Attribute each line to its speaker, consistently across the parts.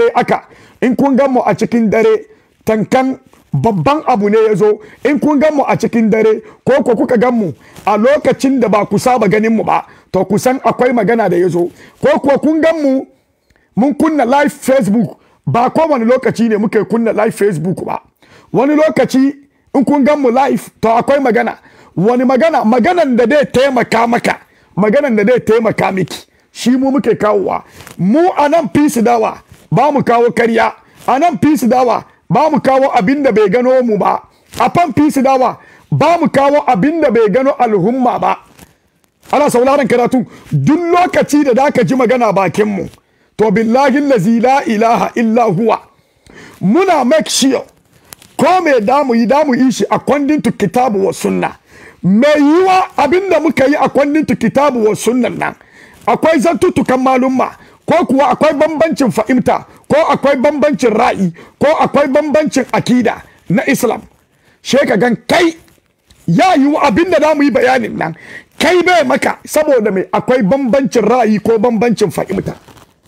Speaker 1: dare aka in kun gan mu a cikin dare tankan babban abu ne ya zo in kun gan mu a cikin dare ko ko kuka gan mu a lokacin da ba ku saba ganin mu ba to ku san akwai magana da ya zo ko ko kun gan mu mun kunna live facebook ba ko wani lokaci ne muke kunna live facebook ba wani lokaci in kun gan mu live to akwai magana wani magana maganan da dai taimaka maka maganan da dai taimaka miki shi mu muke kawowa mu anan peace fisi dawa ba mu kawo karya a nan fisi dawa ba mu kawo abin da bai gano mu ba a fan fisi dawa ba mu kawo abin da bai gano al'umma ba ana sauraron karatu duk lokaci da zaka ji magana bakin mu to billahi lazi la ilaha illa huwa muna make ko me damu yi damu yi shi according to kitabu wa sunna mai yiwa abin da muka yi according to kitabu wa sunna nan akwai zantutukan malumma ko kuwa akwai bambancin fahimta ko akwai bambancin ra'i, ko akwai bambancin akida na islam sheka gan kai ya yi abin da za mu yi bayanin nan kai bai maka saboda mai akwai bambancin ra'ayi ko bambancin fahimta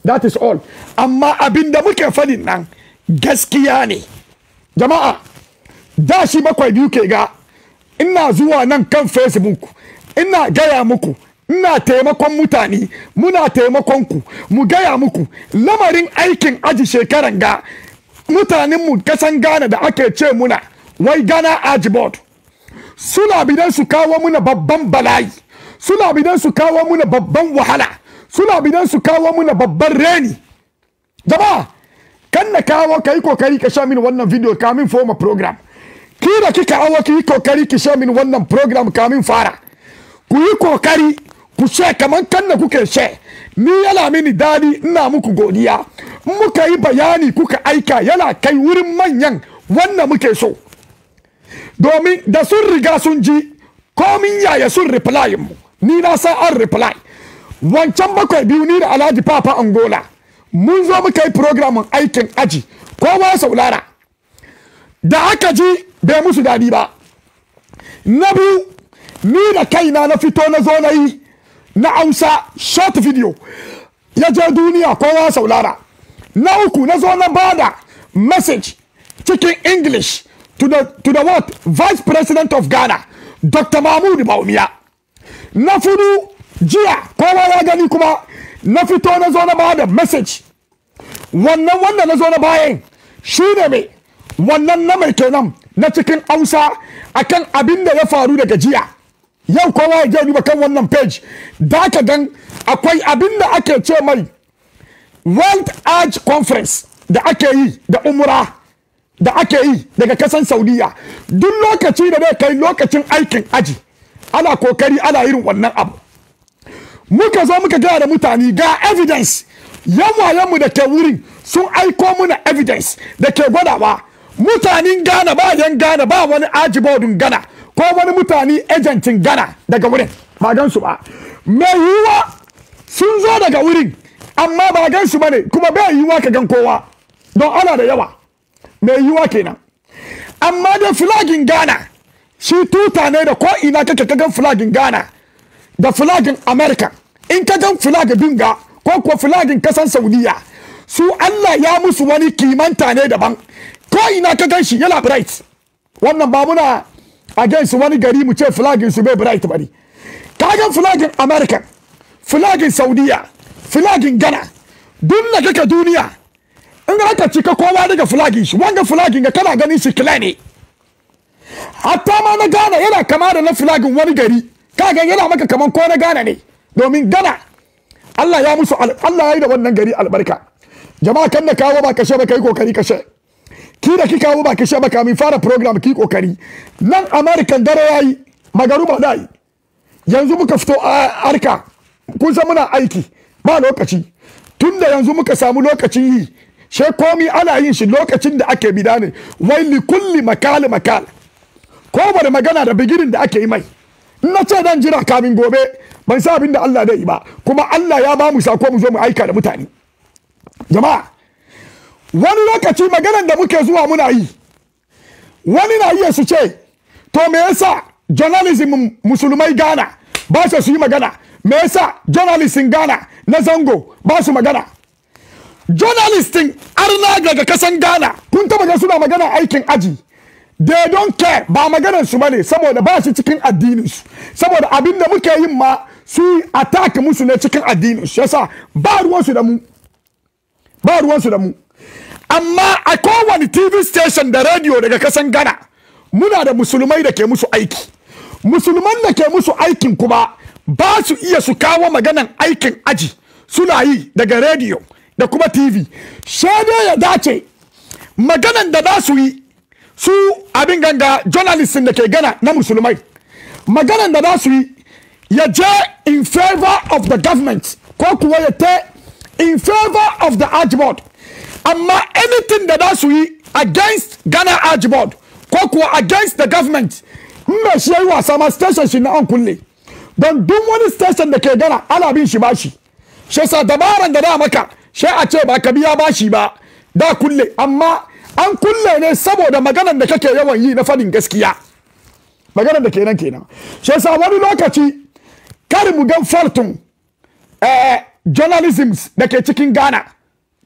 Speaker 1: that is all amma abin da muke fadin nan gaskiya ne jama'a da shi bakwai biyu ke ga ina zuwa nan kan facebook ina gaya muku ina taimakon mutane muna taimakon ku mu gaya muku lamarin aikin aji shekaran ga mutanenmu kasan ghana da ake ce muna wai ghana aji board suna bidan su kawo muna babban bala'i suna bidan su kawo muna babban wahala suna bidan su kawo muna babban reni jama'a kan na kawo yi kokari ka sha min wannan video kamin foma program kira kika awo ki kokari ki sha min wannan program kamin fara ku yi kokari ku she kaman kan da kuke she ni yala mini dadi ina muku godiya muka yi bayani kuka aika yana kai wurin manyan wannan muke so domin da sun riga sun ji komin yaya sun reply mu ni na san an reply wancan bakwai biyu ni da alhaji papa angola mun zo muka yi programin aikin aji kowa ya saulara da aka ji bai musu dadi ba na biyu ni da kaina na fito na zo na yi na amsa short video ya je duniya kowa saulara na uku na zo na bada message cikin english to the, to the what vice president of ghana dr mahmud baumia na fudu jiya kowa ya gani kuma na fito na zo na bada message wannan wanda na zo na bayan shi ne mai wannan na mai kenan na cikin amsa akan abin da ya faru daga jiya yau kowa ya gani duba kan wannan page da ka gan akwai abin da ake ce mai world age conference da ake yi da umura da ake yi daga kasan saudiya duk lokaci da zai kai lokacin aikin aji ana kokari ana irin wannan abu muka zo muka gaya da mutane ga evidence mu da ke wurin sun aiko muna evidence da ke gwadawa mutanen gana ba yan gana ba wani aji bodin gana ko wani mutane ejentin gana daga wurin ba gan su ba mai yiwuwa sun zo daga wurin amma ba gan su bane kuma bai yiwuwa ka gan kowa don ana da yawa mai yiwuwa kenan amma da filagin gana shi tuta ne da koina ina kake ka gan filagin gana da filagin america in ka gan filagin binga ko kuwa filagin kasan saudiya su allah ya musu wani kimanta ne daban ko ina ka gan shi yana bright wannan babu na. against wani gari mu ce flagin su bai bright bari kagan flagin america flagin saudiya flagin ghana duk da kake duniya in aka cika kowa daga flagin shi wanga flagin ga kana ganin shi kila ne hatta ma na ghana yana kama da na flagin wani gari kagan yana maka kaman ko na ghana ne domin ghana Allah ya musu Allah ya yi da wannan gari albarka jama'a kan da kawo ba kashe ba kai kokari kashe ki da kika kawo ba ki sha kamin fara program ki kokari nan american dare yayi magaru ba dai yanzu muka fito a arka kun san muna aiki ba lokaci tunda yanzu muka samu lokaci yi she komi ana yin shi lokacin da ake bida ne wai li kulli makal makal ko bada magana da bigirin da ake yi mai na ce dan jira kamin gobe ban sa abin da Allah zai yi ba kuma Allah ya ba mu sako mu zo mu aika da mutane jama'a wani lokaci maganar da muke zuwa muna yi wani na iya su ce to me yasa journalism musulmai gana ba su yi magana me yasa journalism gana na zango ba su magana journalistin arna daga kasan gana kun taba ga suna magana aikin aji they don't care ba maganar su bane saboda ba su cikin addinin su saboda abin da muke yin ma su attack musu ne cikin addinin su yasa ba ruwan su da mu ba ruwan su da mu amma a kowane tv station da radio daga kasan gana muna da musulmai da ke musu aiki musulman da ke musu aikin kuma ba su iya su kawo maganan aikin aji suna yi daga radio da kuma tv shaidai ya dace maganan da za su yi su abin ganga journalist da ke gana na musulmai maganan da za su yi ya je in favor of the government ko kuwa ya te in favor of the ajibod amma anything da za su yi against ghana arch board ko kuwa against the government in shi ya yi wasa ma station shi na an kulle don duk wani station da ke gana ana bin shi bashi shi sa dabaran da da maka shi a ce ba ka biya bashi ba da kulle amma an kulle ne saboda maganan da kake yawan yi na fadin gaskiya maganan da kenan kenan shi sa wani lokaci kar mu gan fortune eh journalism da ke cikin Ghana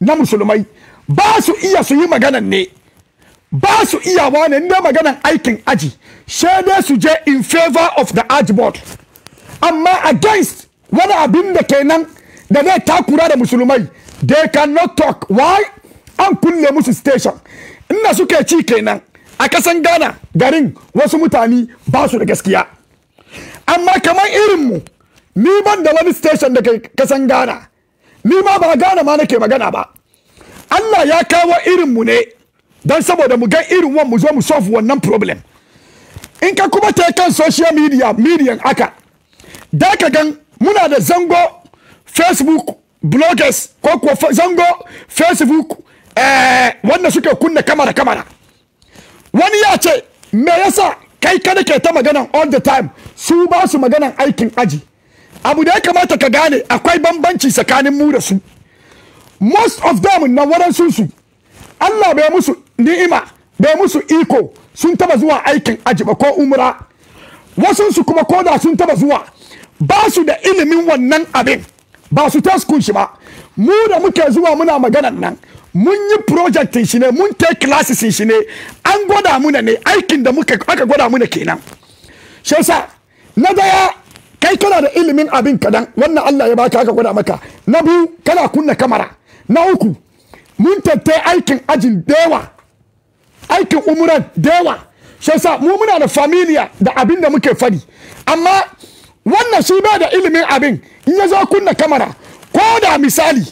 Speaker 1: na musulmai ba su iya su yi maganan ne ba su iyawa ne na maganan aikin aji sai dai su je in favor of the aji board amma against wani abin da kenan da zai takura da musulmai they cannot talk why an kulle musu station inda suke ci kenan a kasan gana garin wasu mutane ba su da gaskiya amma kamar irinmu ni ban da wani station da kasan ghana ni ma ba gane ma nake magana ba Allah ya kawo irin mu ne don saboda mu ga irin wan mu zo mu solve wannan problem in ka kuma ta kan social media median aka da ka gan muna da zango facebook bloggers ko kuwa zango facebook eh, wanda suke kunna kamara kamara wani ya ce me yasa kai kada ke ta maganan all the time su ba su maganan aikin aji abu da ya kamata ka gane akwai bambanci tsakanin mu da su most of them na waɗansu su Allah bai musu ni'ima bai musu iko sun taba zuwa aikin ajiba ko umra wasu su kuma ko da sun taba zuwa ba su da ilimin wannan abin ba su ta shi ba mu da muke zuwa muna maganan nan mun yi projectin shi ne mun take classes shi ne an gwada muna ne aikin da muka aka gwada muna kenan shi na daya kai kana da ilimin abin kadan wannan Allah ya baka haka gwada maka na biyu kana kunna kamara na uku mun tattai aikin ajin dewa aikin umuran dewa shi sa mu muna da familia da abin da muke fadi amma wannan shi ba da ilimin abin in ya zo kunna kamara ko da misali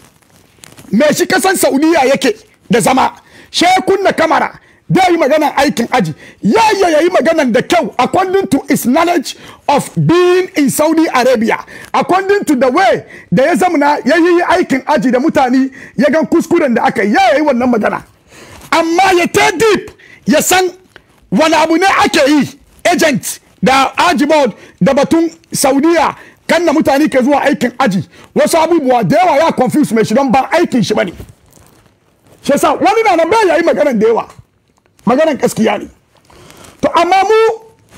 Speaker 1: me shi kasan saudiya yake da zama she kunna kamara da yi magana aikin aji yaya ya yi maganan da kyau according to his knowledge of being in saudi arabia according to the way da ya zamana ya yi aikin aji da mutane ya gan kuskuren da aka yi yaya yi wannan magana amma ya ta deep ya san wani abu ne ake yi agent da aji board da batun saudiya kan na mutane ke zuwa aikin aji wasu abubuwa da yawa ya confuse mai shi don ba aikin shi bane shi yasa wani na nan bai yayi maganan da yawa maganan gaskiya ne to amma mu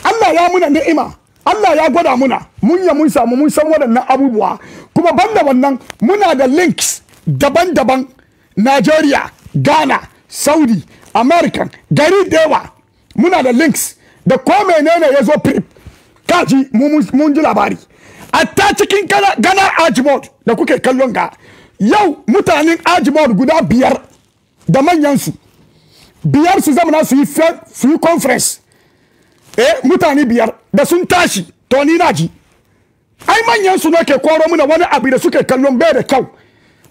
Speaker 1: Allah ya muna ni'ima Allah ya gwada muna mun ya mun samu mun san waɗannan abubuwa kuma banda wannan muna da links daban-daban Nigeria Ghana Saudi america gari dewa muna da links da ko menene ya zo prip kaji mun ji labari ta cikin ganar ajimod da kuke kallon ga yau mutanen ajimod guda biyar da manyansu biyar su zama su yi su yi conference eh mutane biyar da sun tashi to ni na ji ai manyan su ke koro muna wani abu da suke kallon bai da kyau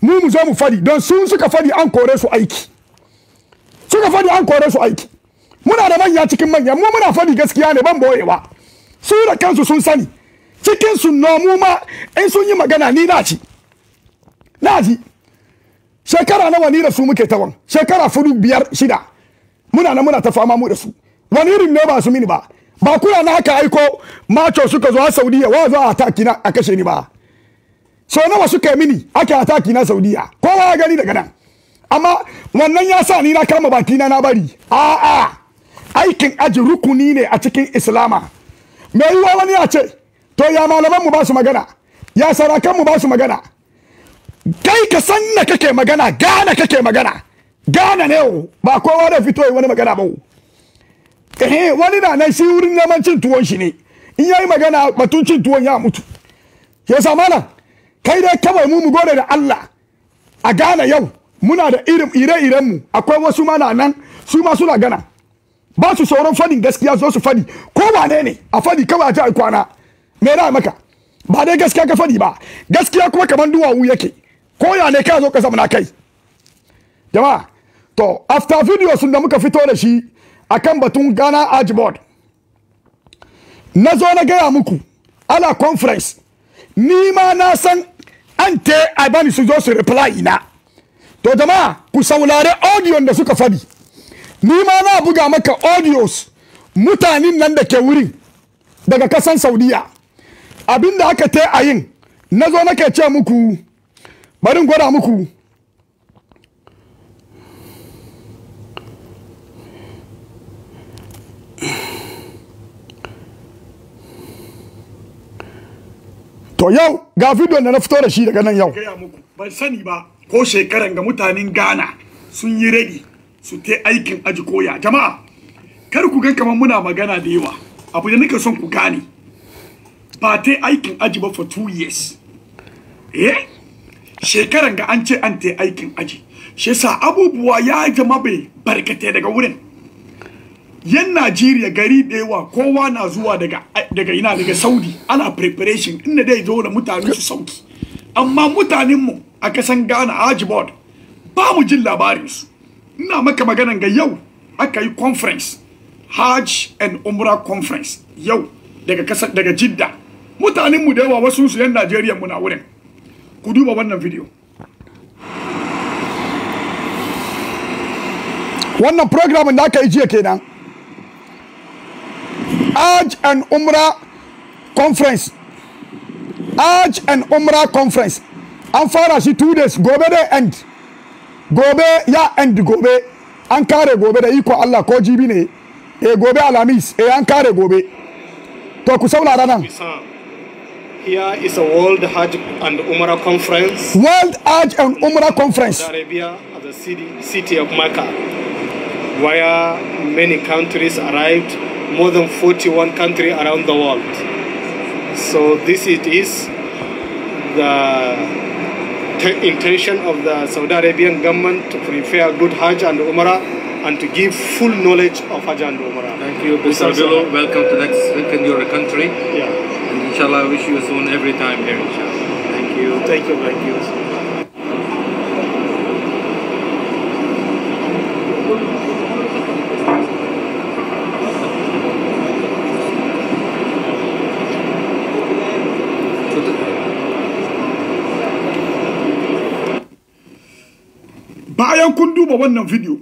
Speaker 1: mu mu zo mu fadi don sun suka fadi an kore su aiki suka fadi an kore su aiki muna da manya cikin manya mu muna fadi gaskiya ne ban boyewa su da kansu sun sani cikin su nomu ma in sun yi magana ni na ci na ji shekara nawa ni da su muke tawon shekara fudu biyar shida muna na muna ta fama mu da su wani irin ne ba su mini ba ba kula na haka aiko macho suka zo saudiya wa zo a ataki na a kashe ni ba so nawa suka yi mini aka ataki na saudiya kowa ya gani daga nan amma wannan ya sa ni na kama baki na na bari A aikin aji rukuni ne a cikin islama me yiwa wani ya ce to ya malaman mu ba su magana ya sarakan mu ba su magana kai ka san na kake magana gana kake magana Ghana ne ba kowa da fito wani magana ba eh wani na nan shi wurin neman cin tuwon shi ne in yayi magana batun cin tuwon ya mutu ya sa mana kai dai kawai mu mu gode da Allah a Ghana yau muna da irin ire-iren mu akwai wasu ma na nan su ma suna gana ba su sauran fadin gaskiya zo su fadi ko wane ne a fadi kawai a ji kwana me na maka ba dai gaskiya ka fadi ba gaskiya kuma kamar duwawu yake ko ya ne ka zo ka na kai jama'a to after video sun da muka fito da shi akan batun Ghana board na zo na gaya muku ala conference ni ma na san an te bani su zo su reply ina to jama'a ku saulare audio da suka fadi ni ma na buga maka audios mutanen nan da ke wurin daga kasan saudiya abinda aka te a yin na zo nake ce muku barin gwada muku to yau ga video da na fito da shi daga nan yau ban sani ba ko shekaran ga mutanen Ghana sun yi ready su te aikin aji koya jama'a kar ku ga kamar muna magana da yawa abu da nake son ku gane ba ta aikin aji ba for two years eh shekaran ga an ce an ta aikin aji shi yasa abubuwa ya zama bai barkate daga wurin yan Najeriya gari ɗewa kowa na zuwa daga ina daga Saudi ana preparation inda dai zo da mutane su sauki amma mutanen a kasan Ghana Ajibod ba mu jin labarin su ina maka maganan ga yau aka yi conference Hajj and Umrah conference yau daga Jidda mutanen mu da yawa wasu su yan Najeriya muna na wurin ku duba wannan video wannan program da aka yi jiya kenan Hajj and Umrah conference Hajj and Umrah conference an fara shi two days gobe da end gobe ya end gobe an kare gobe da iko Allah ko jibi ne eh gobe alamis e eh, an kare gobe to ku saurara
Speaker 2: nan Here is a World Hajj and Umrah Conference.
Speaker 1: World Hajj and Umrah Conference.
Speaker 2: Arabia, the city, city of Mecca, where many countries arrived more than 41 countries around the world. So this it is the intention of the Saudi Arabian government to prepare good Hajj and Umrah and to give full knowledge of Hajj and Umrah. Thank you, Mr. Bilo. Welcome to next in your country. Yeah. And inshallah, I wish you soon every time here, inshallah. Thank you. Thank you. Thank you.
Speaker 1: bayan kun duba wannan video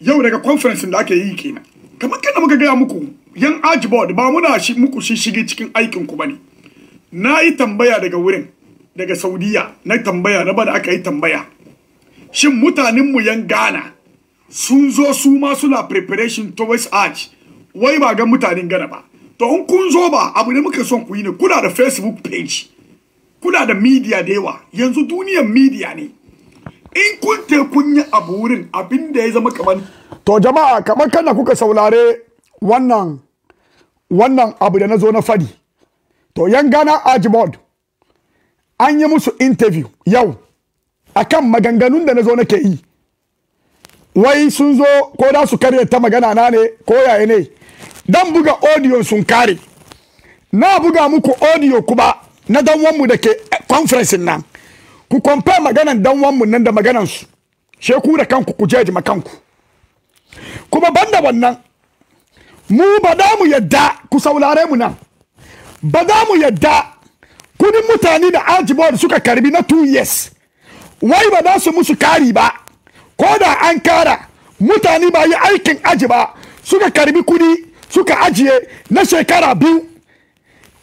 Speaker 1: yau daga conference da aka yi kenan kamar kana muka gaya muku yan ajibod ba muna shi muku shi shige cikin aikin ku bane na yi tambaya daga wurin daga saudiya na tambaya na bada aka yi tambaya shin mutanen mu yan gana sun zo su ma suna preparation towards arch wai ba ga mutanen gana ba to in kun zo ba abu ne muka son ku yi ne kuna da facebook page kuna da media da yawa yanzu duniyar media ne in kun te kun yi abu wurin abin da ya zama kamar to jama'a kamar da kuka saurare wannan wannan abu da na zo na fadi to yan gana ajibod an yi musu interview yau akan maganganun da na zo na ke yi wai sun zo ko da su karya ta magana na ne ko yaya ne dan buga audio sun kare na buga muku audio kuma na dan wanmu da ke conference nan ku kwamfa maganan dan wanmu nan da maganan su she ku da kanku ku jeji kanku kuma banda wannan mu ba da mu yadda ku saulare mu nan ba da mu yadda kudin mutane da ajibo su suka karbi na 2 years wai ba za su musu kari ba ko da an kara mutane ba yi aikin aji ba suka karbi kudi suka ajiye na shekara biyu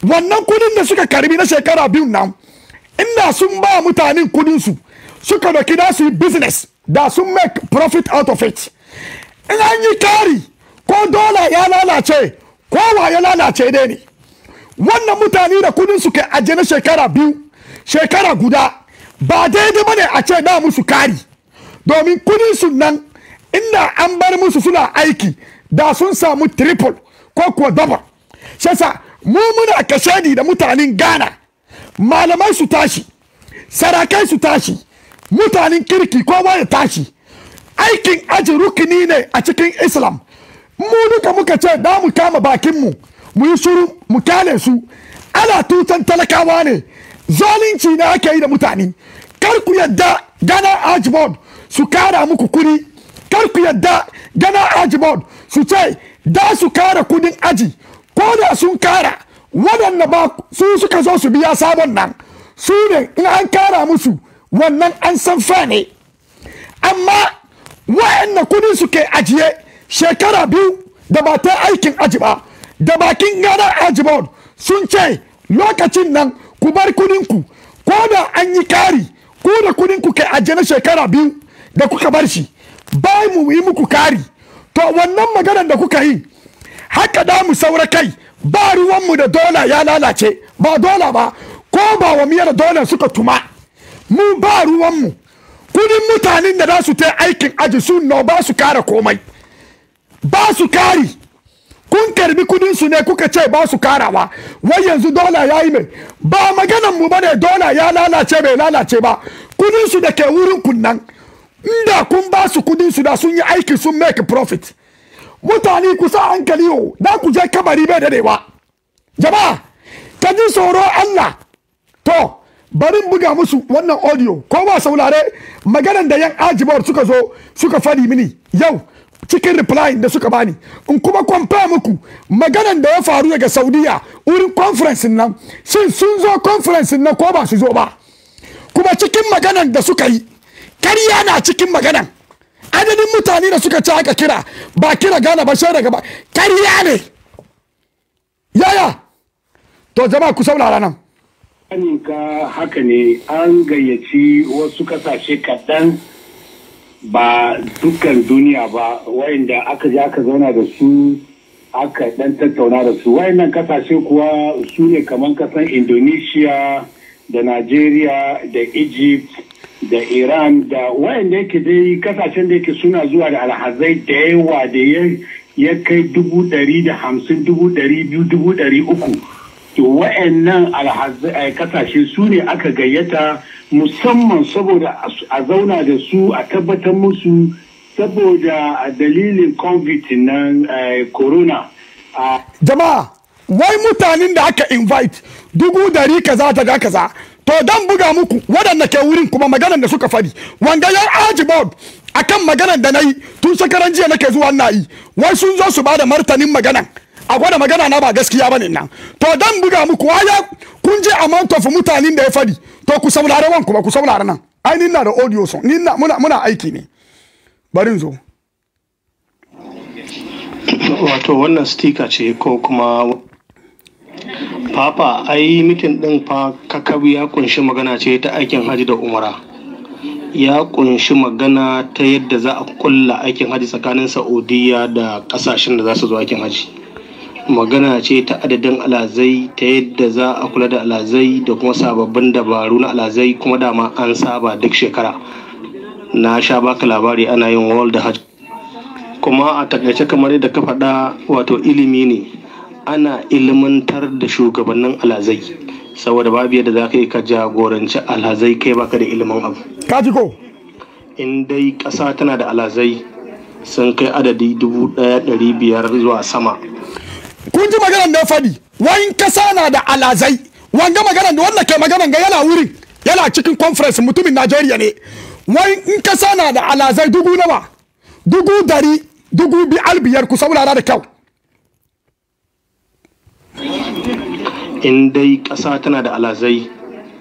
Speaker 1: wannan kudin da suka karbi na shekara biyu nan inda sun ba mutanen su suka da da su yi business da sun make profit out of it in an yi kari ko dola ya lalace ko wa ya lalace dai ne wannan mutane da kudin su ke ajiye na shekara biyu shekara guda ba daidai bane a ce da musu kari domin kudin su nan inda an bar musu suna aiki da sun samu triple ko kuwa double shesa mu muna kashedi da mutanen gana. malamai su tashi sarakai su tashi mutanen kirki kowa ya tashi aikin aji rukuni ne a cikin islam mu duka muka ce da mu kama bakin mu yi shuru mu kyale su ana tutan talakawa ne zalunci ne ake yi da mutane kar ku yadda gana ajibod su kara muku kuri kar ku yadda gana ajibod su ce da su kara kudin aji ko da sun kara waɗanda ba su suka zo su biya sabon nan su ne in an kara musu wannan an san fa ne amma waɗanda kudin su ke ajiye shekara biyu da ba ta aikin aji ba da bakin gada aji sun ce lokacin nan ku bar ku ko da an yi kari ko da ku ke ajiye na shekara biyu da kuka bar shi bai mu yi muku kari to wannan maganar da kuka yi haka da mu saura kai ba ruwanmu da dola ya lalace ba dola ba ko ba wa miyar dola suka tuma mu ba ruwanmu kudin mutanen da za su ta aikin aji su no ba su kara komai ba su kari kun karbi kudin su ne kuka ce ba su karawa wai yanzu dola ya yi mai ba maganan mu bane dola ya lalace bai lalace ba kudin su da ke wurin kunnan inda kun ba su kudin su da sun yi aiki sun make profit mutane ku sa hankali yo na ku je kabari bai dadewa jama'a ta ji tsoro Allah to barin buga musu wannan audio ko ba saurare maganan da yan ajibar suka zo suka fadi mini yau cikin reply da suka bani in kuma kwamfe muku maganan da ya faru daga saudiya wurin conference nan shin sun zo conference nan ko ba su zo ba kuma cikin maganan da suka yi karya na cikin maganan adadin mutane da suka ci aka kira ba kira gana ba shai daga ba karya ne yaya to jama'a ku saurara nan
Speaker 3: ka haka ne an gayyaci wasu kasashe kaɗan ba dukkan duniya ba wayanda aka je aka zauna da su aka dan tattauna da su wayannan kasashe kuwa su ne kamar kasan indonesia da nigeria da egypt da iran da wayanda yake dai kasashen da yake suna zuwa da alhazai da yawa da ya kai dubu dari da hamsin dubu dari biyu dubu dari uku to wayannan alhazai eh, kasashe su ne aka gayyata musamman saboda a zauna da su a tabbatar musu saboda
Speaker 1: a dalilin covid nan eh, corona jama'a wai mutanen da aka invite dubu dari kaza ta ga kaza to dan buga muku waɗanda ke wurin kuma maganar da suka fari wanga ya aji board akan maganar da na yi tun shekaran jiya nake zuwa na yi wai sun zo su bada martanin magana a gwada magana na ba gaskiya bane nan to dan buga muku waya kun je amount of mutanen da ya fadi to ku saurare wanku kuma ku saurare nan ai ni na da audio son ni na muna muna aiki ne bari zo
Speaker 2: wato wannan sticker ce ko kuma Papa ai mitin ɗin fa kakab ya kunshi magana ce ta aikin haji da umara. Ya kunshi magana ta yadda za a kulla aikin haji tsakanin Saudiya da ƙasashen da za su zo aikin haji. Magana ce ta adadin alazai ta yadda za a kula da alazai da kuma sababbin dabaru na alazai kuma dama an saba duk shekara. Na sha baka labari ana yin World Hajj. Kuma a takaice kamar yadda ka faɗa wato ilimi ne. ana ilmantar da shugabannin alhazai saboda babu yadda za ka yi ka jagoranci alhazai kai baka da ilimin abu kaji ko in dai ƙasa tana da alhazai sun kai adadi dubu ɗaya ɗari biyar zuwa sama
Speaker 1: kun ji maganar da faɗi wani ƙasa na da alhazai wanga maganar da wanda ke maganar ga yana wurin yana cikin conference mutumin najeriya ne Wani in ƙasa na da alhazai dubu nawa dubu dari dubu biyar kusa wurare da kyau
Speaker 2: in dai ƙasa tana da alazai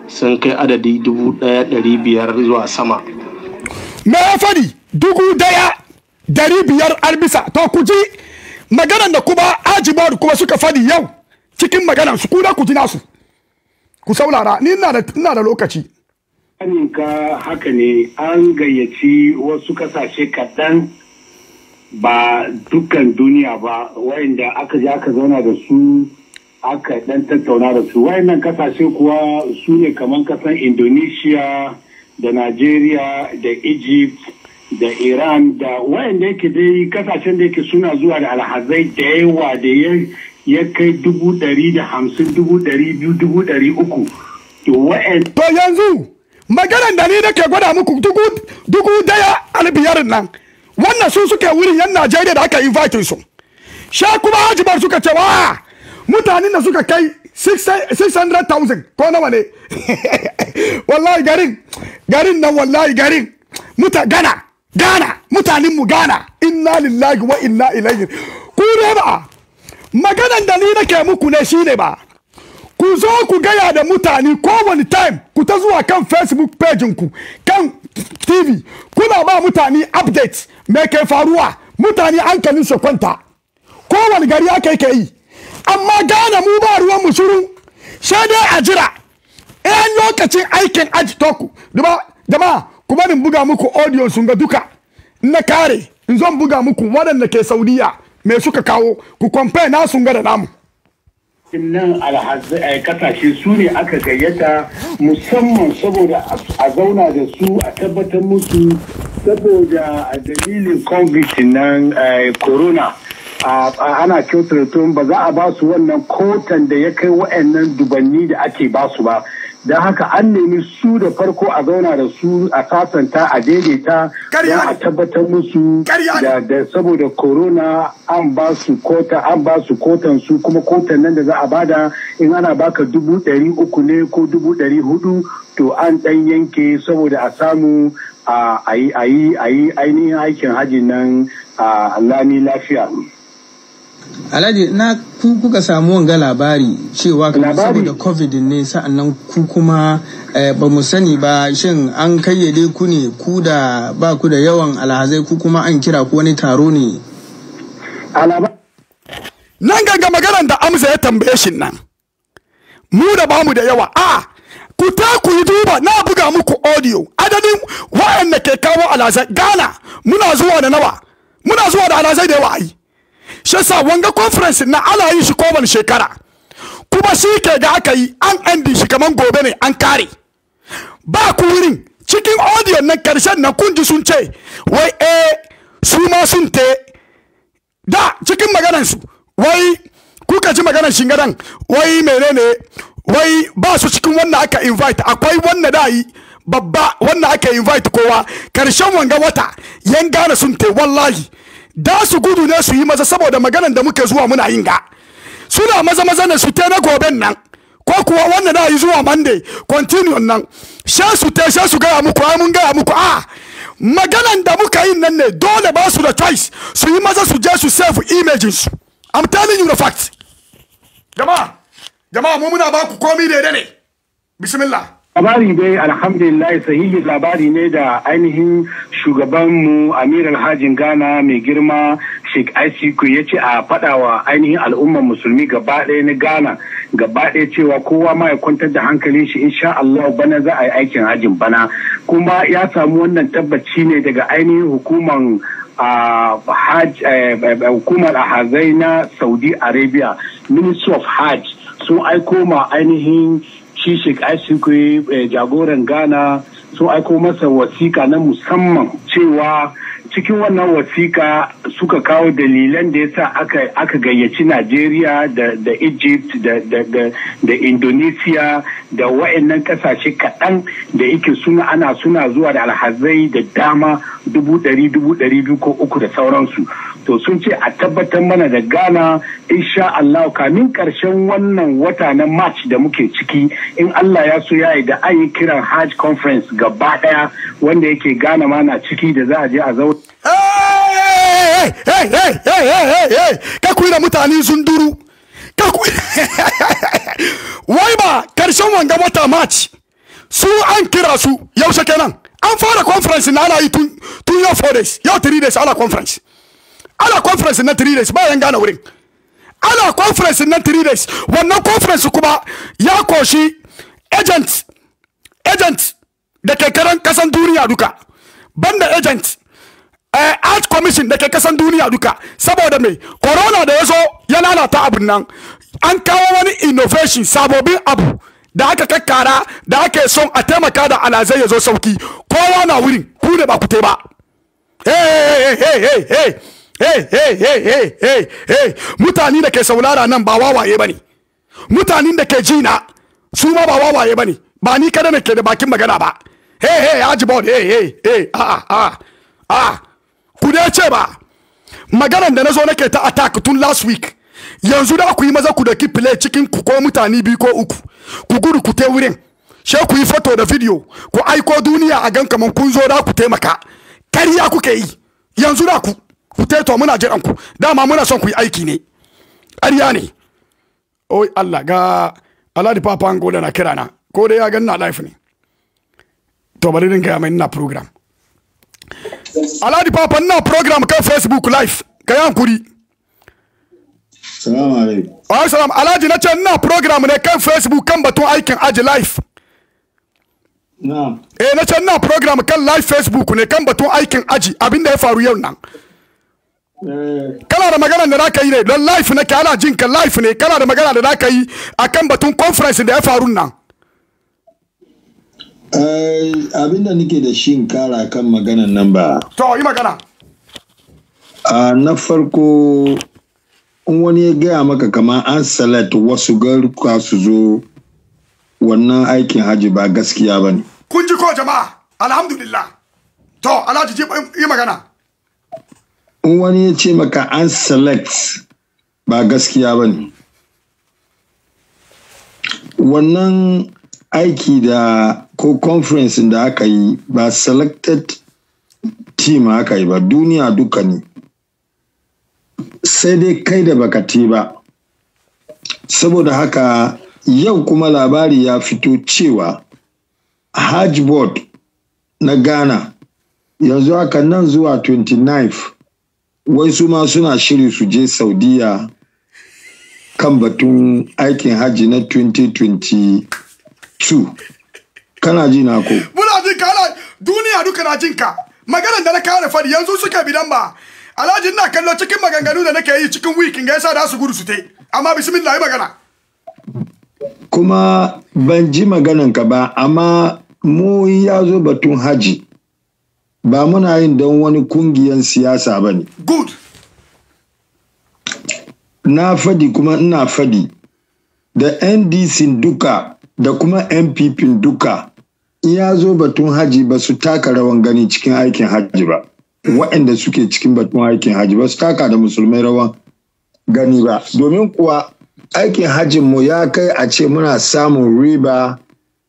Speaker 2: sun kai adadi dubu
Speaker 1: ɗaya dari biyar zuwa sama me ya faɗi dubu ɗaya dari biyar albisa to ku ji maganar da kuma ajibar kuma suka faɗi yau cikin maganar su kuna ku ji nasu ku saurara ni ina da lokaci
Speaker 3: ka haka ne an gayyaci wasu kasashe kaɗan ba dukkan duniya ba wayanda aka je aka zauna da su aka dan tattauna da su wayannan kasashe kuwa su ne kamar kasan indonesia da nigeria da egypt da iran da wayanda yake dai kasashen da yake suna zuwa da alhazai da yawa da ya kai dubu
Speaker 1: dari da hamsin dubu dari biyu dubu dari uku to wayan to yanzu maganar da ni nake gwada muku dubu daya albiyar nan wannan su suke wurin yan najeriya da aka invite su sha kuma hajibar suka ce wa mutanen da suka kai 600,000 ko nawa ne wallahi garin garin nan wallahi garin muta gana gana mutanen mu gana inna lillahi wa inna ilaihi ku ba maganan da ni nake muku ne shine ba ku zo ku gaya da mutane kowane time ku ta zuwa kan facebook page ku kan tv kuna ba mutane updates me ke faruwa mutane hankalin su kwanta kowane gari aka yi amma gane mu ba ruwan mu shiru sai dai a jira yan lokacin aikin aji toku jama'a kuma in buga muku audio sun ga duka na kare in zo buga muku waɗanda ke saudiya me suka kawo ku compare na sun ga da namu
Speaker 3: nan alhazai eh, kasashe su ne aka gayyata musamman saboda a zauna da su a tabbatar musu saboda a dalilin covid nan eh, corona ana kyautata ba za a ba su wannan kotan da ya kai wa'annan dubanni da ake ba su ba don haka an nemi su da farko a zauna da su a sasanta a daidaita don a tabbatar musu da saboda corona an ba su kota an ba su kotan su kuma kotan nan da za a bada in ana baka dubu ɗari uku ne ko dubu ɗari hudu to an ɗan yanke saboda a samu a yi ainihin aikin hajji nan a lani lafiya.
Speaker 4: alhaji na ku kuka samu wanga labari cewa kamar saboda covid ne sa'annan ku kuma eh, ba mu sani ba shin an kayyade ku ne ku da ba ku da yawan alhazai ku kuma an kira ku
Speaker 1: wani taro ne nan ganga maganar da amsa ya tambaye shi nan mu da bamu da yawa a ku ta ku yi duba na buga muku audio adadin wa'anda ke kawo alhazai gana muna zuwa da nawa muna zuwa da alhazai da yawa ai shi sa wanga conference na ala yi shi koban shekara kuma shi ke ga aka yi an endi shi kaman gobe ne an kare ba ku wurin cikin audio nan karshen na kunji sun ce wai eh su ma sun te da cikin maganan su wai kuka ji maganan shingadan wai menene wai ba su cikin wannan aka invite akwai wannan da yi babba wannan aka invite kowa karshen wanga wata yan gane sun te wallahi da su gudu ne su yi maza saboda maganan da muke zuwa muna yin ga suna maza maza ne su te na goben nan ko kuwa wanda na yi zuwa mande continue nan sha su te sha su gaya muku ai mun gaya muku a maganan da muka yi nan ne dole ba su da choice su yi maza su je su save imaging su i'm telling you the fact jama'a jama'a mu muna ba ku komai daidai ne bismillah
Speaker 3: labari dai alhamdulillah sahihi labari ne da ainihin shugabanmu amir alhajin ghana mai girma sheikh ICQ ya ce a fadawa ainihin al'ummar musulmi gaba ɗaya na ghana gaba ɗaya cewa kowa ma ya kwantar da hankalin shi insha allahu bana za a yi aikin hajin bana kuma ya samu wannan tabbaci ne daga ainihin hukuman eh, eh, eh, hukumar hazai na saudi arabia ministry of hajj sun aiko ma ainihin Kishik Sheikh eh, jagoran Ghana sun aiko masa wasiƙa na musamman cewa cikin wannan wasiƙa suka kawo dalilan da yasa aka aka gayyaci Najeriya da Egypt da Indonesia da wa'annan kasashe kaɗan da yake suna ana suna zuwa da alhazai da dama dubu ɗari dubu ɗari biyu ko uku da sauransu to sun ce a tabbatar mana da ghana sha Allah kamin karshen wannan wata na march da muke ciki in Allah ya so ya yi da ayi kiran hajj conference gaba ɗaya wanda yake gana ma na ciki da za a je a zauna
Speaker 1: hey, hey, da hey, hey, hey, hey, hey, ba karshen wanga wata march su an kira su shi kenan an fara conference na ana yi tun tun yau four days yau three days ana conference ana conference na three days bayan gane wurin ana conference na three days wannan conference kuma ya koshi agent agent da ke karan kasan duniya duka banda agent eh, art commission da ke kasan duniya duka saboda mai corona da ya zo ya lalata abin nan an kawo wani innovation sabobin abu da aka kakkara da ake son a taimaka da alazai ya zo sauki kowa na wurin ku ne ba ku te ba mutane da ke saulara nan ba wawaye ba ne mutanen da ke jina su ma ba wawaye ba ne ba ni kada ne ke da bakin magana ba hey hey haji bod ku ce ba maganar da na zo nake ta attack tun last week yanzu da ku yi maza ku daki play cikin ku ko mutane biyu ko uku ku gudu ku te wurin she ku yi foto da video ku aiko duniya a gan kaman kun zo da ku taimaka kariya kuke yi yanzu da ku ku te to muna jiran ku dama muna son ku yi aiki ne ƙarya ne oi Allah ga Alhaji Papa da na kira na ko dai ya gan na life ne to bari din ga mai ina program Alhaji Papa ina program kan Facebook live ka yi hankuri Salamu alaikum. Alhaji na ce ina program ne kan Facebook kan batun aikin aji life. Na'am. Eh na ce na program kan live Facebook ne kan batun aikin aji abinda ya faru yau nan. Eh. Kana da magana da zaka yi ne don live nake ana jin ka live ne kana da magana da zaka yi akan batun conference da ya faru nan.
Speaker 5: Eh abinda nake da shin kara kan maganan nan ba.
Speaker 1: To yi magana.
Speaker 5: Ah, na farko in wani ya gaya maka kama an salat wasu garuka su zo wannan aikin hajji ba gaskiya ba ne.
Speaker 1: Kun ji ko jama'a alhamdulillah. To Alhaji ji yi magana.
Speaker 5: In wani ya ce maka an select ba gaskiya ba ne. Wannan aiki da ko conference da aka yi ba selected team aka yi ba duniya duka ne. sai dai kai da bakati ba saboda haka yau kuma labari ya fito cewa hajj board na ghana yanzu haka nan zuwa 29 wai su ma suna shiri su je saudiya kan batun aikin hajji na 2022 kana ji na ko
Speaker 1: muna jin ka duniya duka na jin ka maganar da na kare fadi yanzu suka bidan ba alhaji ina kallo cikin maganganu da nake yi cikin wikin ga yasa da su gudu su amma bismillah yi magana
Speaker 5: kuma ban ji maganan ka ba amma mu ya zo batun haji ba muna yin don wani kungiyan siyasa ba ne good na fadi kuma ina fadi da ndc duka da kuma npp duka ya zo batun haji ba su taka rawan gani cikin aikin haji ba waɗanda suke cikin batun aikin haji ba su taka da musulmai rawa gani ba domin kuwa aikin hajjin mu ya kai a ce muna samun riba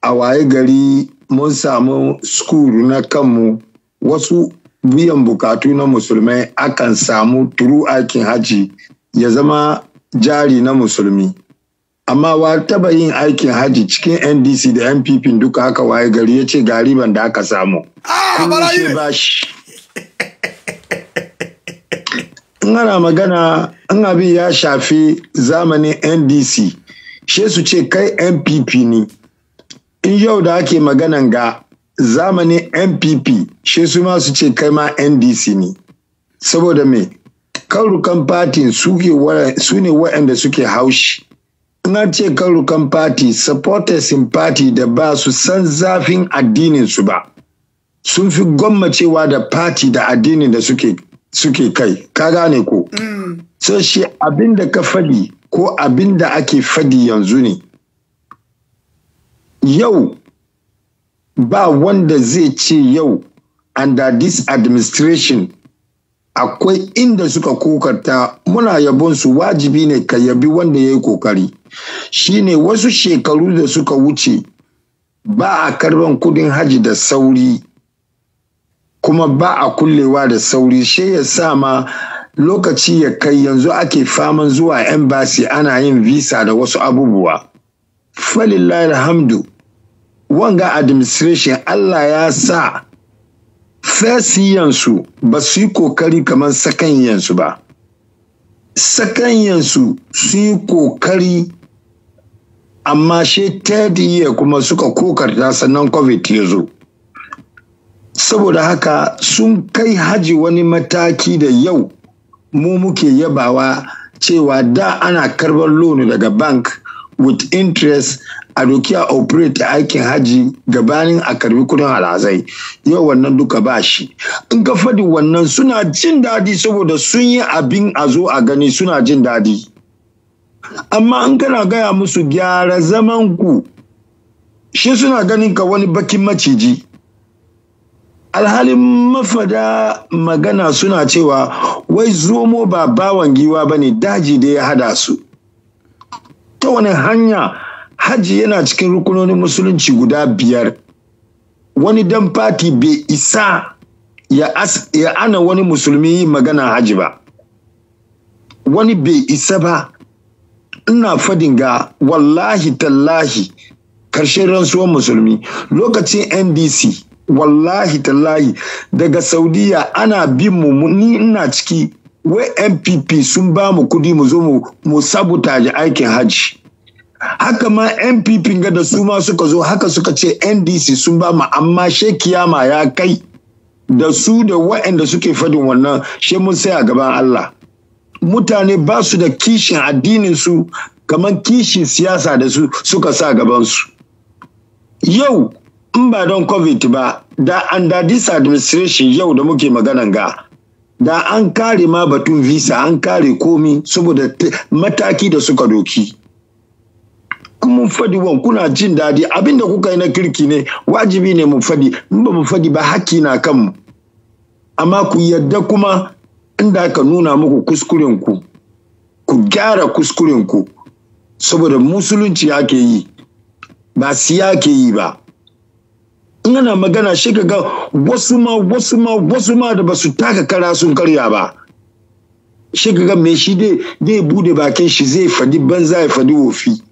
Speaker 5: a waye gari mun samu school na kanmu wasu biyan bukatu na musulmai akan samu turu aikin hajji ya zama jari na musulmi amma wa taba yin aikin hajji cikin ndc da npp duka haka waye gari ya ce ga da aka samu. Ah, in ana magana in abin ya shafi zamanin ndc she su ce kai npp ne in yau da ake maganan ga zamanin npp she su ma su ce kai ma ndc ne saboda me karukan party su ne waɗanda suke haushi an ce karukan fati supporters in party da ba su san zafin addinin su ba sun fi gwammacewa da pati da addinin da suke suke kai ka gane ko mm. sai shi abin da ka fadi ko abin da ake fadi yanzu ne yau ba wanda zai ce yau under this administration akwai inda suka kokarta muna yabon su wajibi ne ka yabi wanda ya yi kokari shine wasu shekaru da suka wuce ba a karban kudin haji da sauri kuma ba a kullewa da sauri she ya sa ma lokaci ya kai yanzu ake faman zuwa embassy ana yin visa da wasu abubuwa falillahi alhamdu wanga administration Allah ya sa first yansu ba su yi kokari kamar second yansu ba second yansu su yi kokari amma she third year kuma suka kokarta sannan covid ya zo saboda haka sun kai haji wani mataki da yau mu muke yabawa cewa da ana karbar loan daga bank with interest a doki a operate aikin haji gabanin a karbi kudin halazai yau wannan duka ba shi in ka faɗi wannan suna jin daɗi saboda sun yi abin a zo a gani suna jin daɗi amma in kana gaya musu gyara zaman ku shi suna ganin ka wani bakin maciji alhalin mafada magana suna cewa wai zomo ba bawan giwa ba ne daji da ya hada su ta wani hanya hajji yana cikin rukunonin musulunci guda biyar wani dan fati bai isa ya, ana wani musulmi yin magana hajji ba wani bai isa ba ina fadin ga wallahi tallahi karshen ransuwan musulmi lokacin ndc wallahi tallahi daga saudiya ana bin mu ni ina ciki wai mpp sun ba mu kudi mu zo mu sabotaje aikin hajji haka ma mpp ga da su ma suka zo haka suka ce ndc sun ba mu amma she kiyama ya kai da su da waɗanda suke fadin wannan she mun sai a gaban allah mutane ba su da kishin addinin su kamar kishin siyasa da su suka sa gabansu yau in ba don covid ba da under this administration yau da muke maganan ga da an kare ma batun visa an kare komi saboda mataki da suka doki mun fadi wan kuna jin daɗi abinda kuka yi na kirki ne wajibi ne mu fadi in ba mu fadi ba hakki na kanmu amma ku yadda kuma inda aka nuna muku kuskuren ku ku gyara kuskuren saboda musulunci ake yi ba siya ke yi ba in ana magana shi ga wasu ma wasu ma wasu ma da basu taka kara sun karya ba shi ga mai shi dai dai bude bakin shi zai fadi banza ya fadi wofi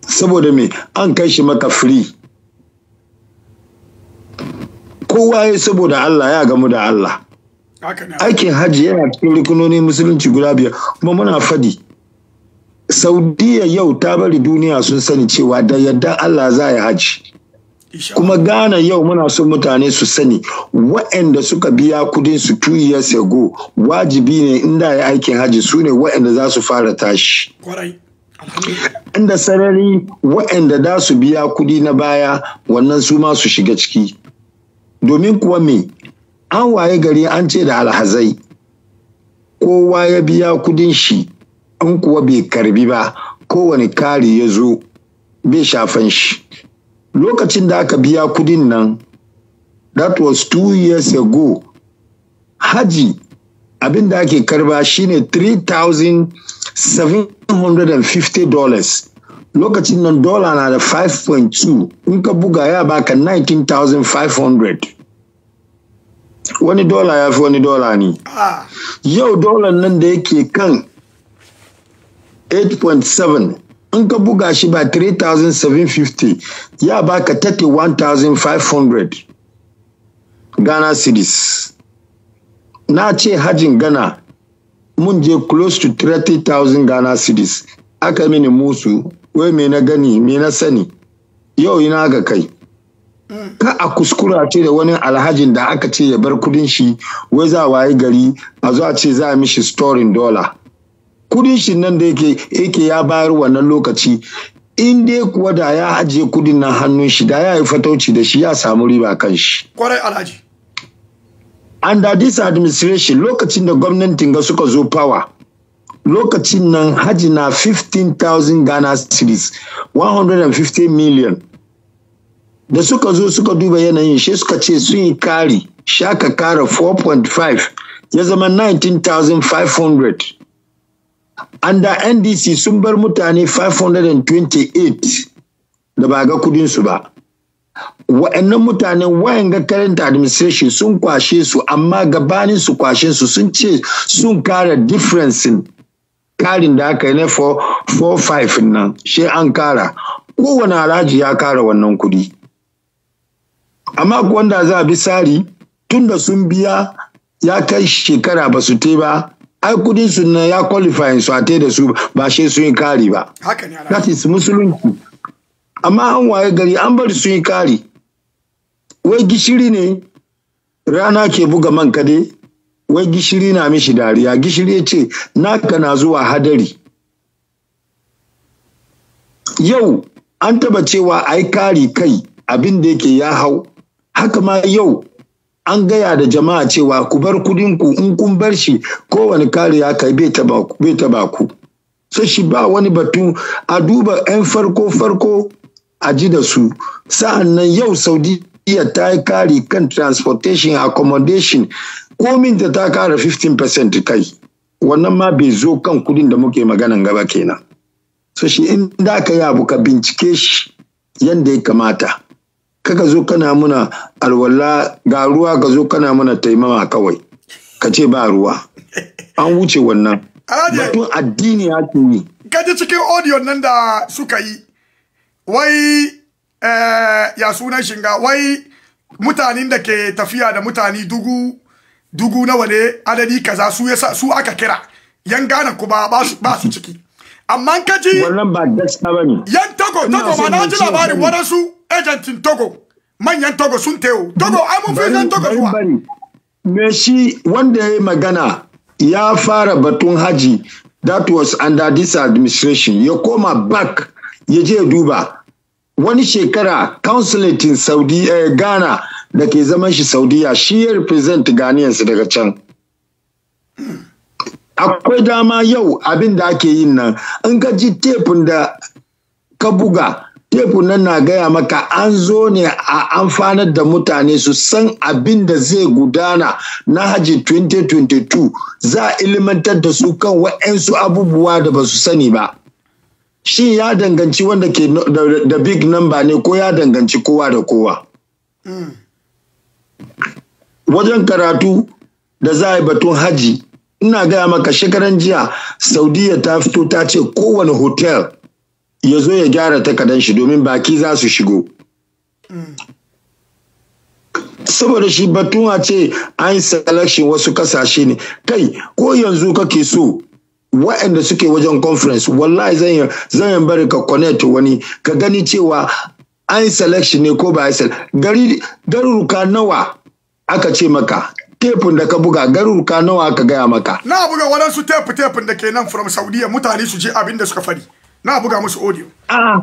Speaker 5: saboda me an kai shi maka free kowa ya saboda Allah ya gamu da Allah aikin hajji yana cikin rukunonin musulunci guda biyar kuma muna fadi saudiya yau ta bari duniya sun sani cewa da yadda Allah za yi hajji kuma Ghana yau muna so mutane su sani waɗanda suka biya kudin su two years ago wajibi ne inda ya aikin haji su ne waɗanda za su fara tashi. Inda sarari waɗanda da su biya kudi na baya wannan su ma su shiga ciki. Domin kuwa me an waye gari an ce da alhazai kowa ya biya kudin shi in kuwa bai karbi ba kowane kari ya zo bai shafan shi. lokacin da aka biya kudin nan that was two years ago haji abin da ake karba shine $3,750 lokacin nan dola na da 5.2 in ka buga ya baka 19,500 wani dola ya fi wani dola ne ah. yau dolar nan da yake kan 8.7 in ka buga shi ba 3,750 ya baka 31,500 Ghana cities. Na ce hajin Ghana mun je close to 30,000 Ghana cities. Aka mini musu, wai me na gani, me na sani, yau yi ga kai. Ka a kuskura ce da wani alhajin da aka ce ya bar kudin shi, wai za waye gari, a zuwa ce za a mishi storing dollar. kudin shi nan da yake yake ya bayar wannan lokaci in dai kuwa da ya ajiye kudin na hannun shi da ya yi fatauci da shi ya samu riba kan shi kwarai alhaji under this administration lokacin da gwamnatin ga suka zo power lokacin nan haji na 15,000 Ghana cedis 150 million da suka zo suka duba yanayin shi suka ce sun yi kari shaka kara 4.5 ya zama 19,500 Anda NDC sun bar mutane 528 da ba ga kudinsu ba. Wa'annan mutanen wayan ga current administration sun kwashe su amma gabanin su kwashe su sun ce sun kara differencing karin da aka yi na 4-5 nan shi an kara kowane haraji ya kara wannan kudi amma wanda za a bi tsari tun da sun biya ya kai shekara ba su te ba ai kudin su na ya qualify su a da su ba shi sun yi kari ba that is musulunci amma an waye gari an bar sun yi kari wai gishiri ne rana ke buga man kade wai gishiri na mishi dariya gishiri ya ce naka na zuwa hadari yau an taba cewa ai kari kai abin da yake ya hau haka ma yau an gaya da jama'a cewa ku bar kudin ku in kun bar shi kowane kare ya kai bai taba ku sashi shi ba wani batu a duba 'yan farko farko a ji da su sa'annan nan yau saudiya ta yi kari kan transportation accommodation komin ta ta kara 15% kai wannan ma bai zo kan kudin da muke maganan gaba kenan so shi in da ka yi abu ka bincike shi yadda ya kamata kaka zo kana muna alwala ga ruwa ka zo kana muna taimama kawai ka ce ba ruwa an wuce wannan batun addini ya ce yi
Speaker 1: kaji cikin audio nan da suka yi wai eh, ya sunan shinga wai mutanen da ke tafiya da mutane dugu dugu nawa ne adadi kaza su yasa su aka kira yan gane ku ba ba su ciki amma kaji wannan ba gaskiya bane yan tago tago ma na ji labarin wadansu in togo manyan togo sun teo togo a mun fi togo Messi, me shi wanda ya magana
Speaker 5: ya fara batun haji that was under this administration ya koma back ya je duba wani shekara in saudi eh, ghana da ke zaman shi saudiya shi ya represent ghanaians daga can akwai dama yau abin da ake yin nan in ka ji tefin da ka buga tepu nan na gaya maka an zo ne a amfanar da mutane su san abin da zai gudana na haji 2022 za a ilimantar da su kan wa'yansu abubuwa da ba su sani ba shi ya danganci wanda ke da big number ne ko ya danganci kowa da kowa wajen karatu da za a yi batun haji ina gaya maka shekaran jiya saudiya ta fito ta ce kowane hotel ya zo ya gyara takadan shi domin baki za su shigo saboda shi batuwa ce an selection wasu kasashe ne kai ko yanzu kake so waɗanda suke wajen conference wallahi zan yi bari ka connect wani ka gani cewa an selection ne ko ba a
Speaker 1: garuruka nawa aka ce maka tefin da ka buga garuruka nawa aka gaya maka na buga waɗansu tefin tefin da ke nan from saudiya mutane su je abin da suka fari na buga musu audio a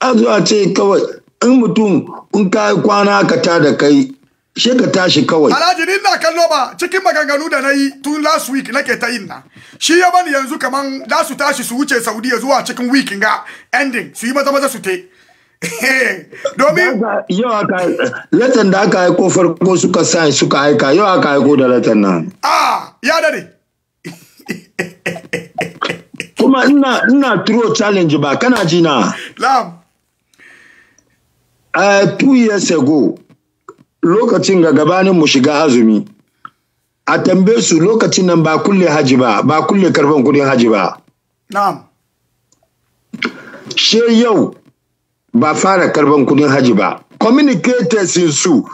Speaker 1: a zuwa ce kawai in mutum in ka kwana
Speaker 5: ka ta da kai she ka tashi kawai alhaji
Speaker 1: ni na kallo ba cikin maganganu da na yi tun last week nake ta yin na shi ya bani yanzu kaman za su tashi su wuce saudiya zuwa cikin week ga ending su yi maza maza su te domin yau aka
Speaker 5: latan da aka haiko farko suka sa suka aika yau aka haiko da latan nan
Speaker 1: ah ya dare
Speaker 5: kuma ina ina throw challenge ba kana ji na na'am uh, two years ago lokacin ga gabanin mu shiga azumi a tambaye su lokacin nan ba kulle haji ba ba kulle karban kudin haji ba na'am she yau ba fara karban kudin haji ba communicators su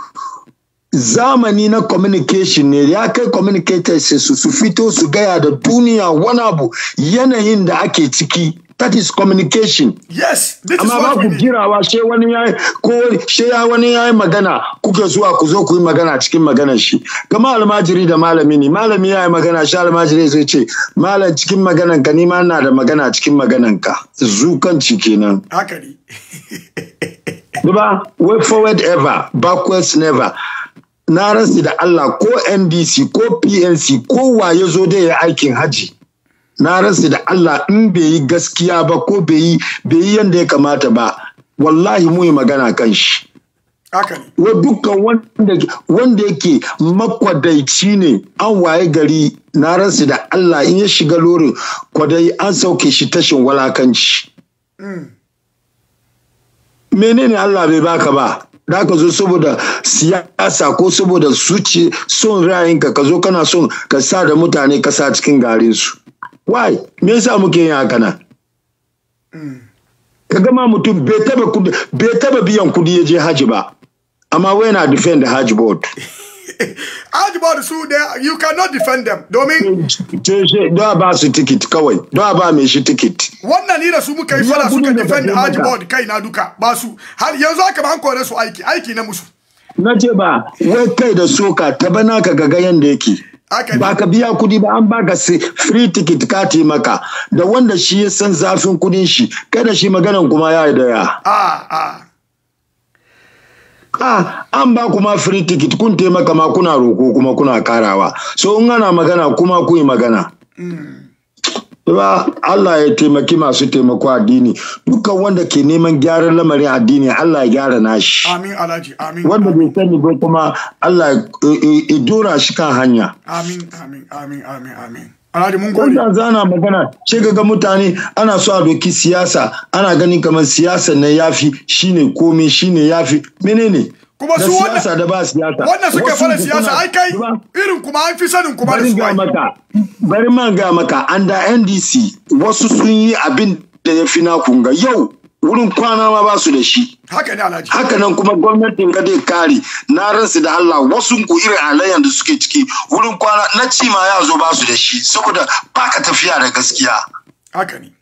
Speaker 5: zamani na communication ne ya kai communicators su su fito su gaya da duniya wani abu yanayin da ake ciki that is communication yes this amma ba girawa she wani yayi ko she wani yayi magana kuke zuwa ku zo ku yi magana cikin maganar shi kama almajiri da malami ne malami yayi magana shi almajiri zai ce malam cikin magana ka ni ma ina da magana cikin maganan ka zukanci kenan haka ne duba way forward ever backwards never na ransu da Allah ko NDC ko PNC ko ya zo da ya aikin haji na ransu da Allah in bai yi gaskiya ba ko bai yi bai yanda ya kamata ba wallahi mu yi magana kan shi wa dukkan wanda yake makwadaici ne an waye gari na ransu da Allah in ya shiga lorin kwadai an sauke shi tashin walakanci mm. menene Allah bai baka ba da ka zo saboda siyasa ko saboda suci son ra'ayinka ka zo kana son ka sa da mutane kasa cikin garin su why me yasa muke yin haka nan ka gama mutum bai taba bai taba biyan kudi ya je haji ba amma wai na defend haji board
Speaker 1: Ajibodi su there,
Speaker 5: you cannot defend them domin da ba su ticket kawai da ba mai shi ticket
Speaker 1: Wanda ni da su muka yi fara suka defend Ajibodi kai na duka ba su har yanzu aka ban kore su aiki aiki na musu
Speaker 5: na ce ba wai kai da soka ta bana ka gaga yanda yake ba ka biya kudi ba an baka free ticket ka taimaka da wanda shi ya san zafin kudin shi kada shi maganan kuma ya yi da ya ah, ah. a ah, an ba kuma free ticket kun taimaka ma kuna roko kuma kuna karawa so in ana magana kuma kuyi magana mm. ba Allah ya taimaki masu taimako addini dukkan wanda ke neman gyaran lamarin addini Allah ya gyara nashi
Speaker 1: amin alhaji amin wanda
Speaker 5: bai sani ba kuma Allah ya dora shi kan hanya
Speaker 1: amin amin amin
Speaker 5: amin amin Alhaji mun gode. Wanda zana magana ce ga mutane ana so a doki siyasa ana ganin kamar siyasa na yafi shine komai shine yafi menene
Speaker 1: kuma su wannan siyasa
Speaker 5: da ba siyasa wannan suke fara siyasa ai kai
Speaker 1: irin kuma an fi sanin kuma da su
Speaker 5: bari man ga maka an da NDC wasu sun yi abin da ya fi na kunga yau wurin kwana ma ba su da shi.
Speaker 1: Haka nan
Speaker 5: kuma gwamnatin ka dai kare na ransu da Allah wasu ku irin alayyan da suke ciki wurin kwana na ci ma ya zo ba su da shi saboda ba ka tafiya da gaskiya. Haka ne.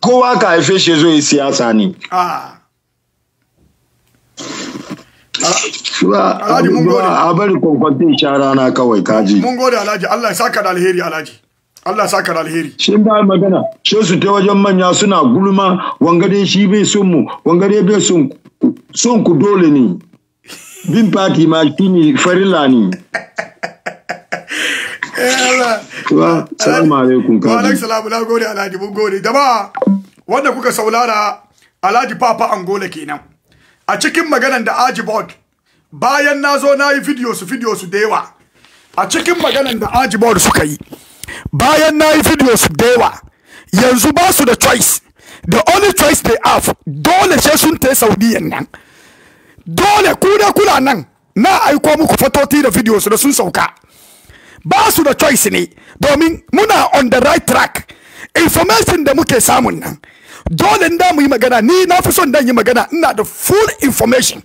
Speaker 5: Kowa ka haife shi zo yi siyasa ne. Ah. Alhaji mun gode. A bari kwankwantin sha rana kawai kaji. Mun gode
Speaker 1: Alhaji Allah ya saka da alheri Alhaji. Allah saka da alheri.
Speaker 5: Shin ba magana, shi su ta wajen manya suna gulma wangare shi bai son mu, wangare bai son ku, dole ne. Bin fati ma shi ne farila ne. Eh, Wa, salamu alaikum kaji. Wa alaikum
Speaker 1: salamu na gode Alhaji mun gode. Jama'a, wanda kuka saulara Alhaji Papa Angola kenan. A cikin maganan da Aji Bod, bayan na zo na yi video su video su da yawa. A cikin maganan da Aji Bod suka yi, bayan na yi videos da yawa yanzu ba su da choice the only choice they have dole ce sun tai saudiya nan dole ku da kula nan na aiko muku fatoti da videos da sun sauka ba su da choice ne domin muna on the right track information da muke samun nan dole da mu yi magana ni na fi son dan yi magana ina da full information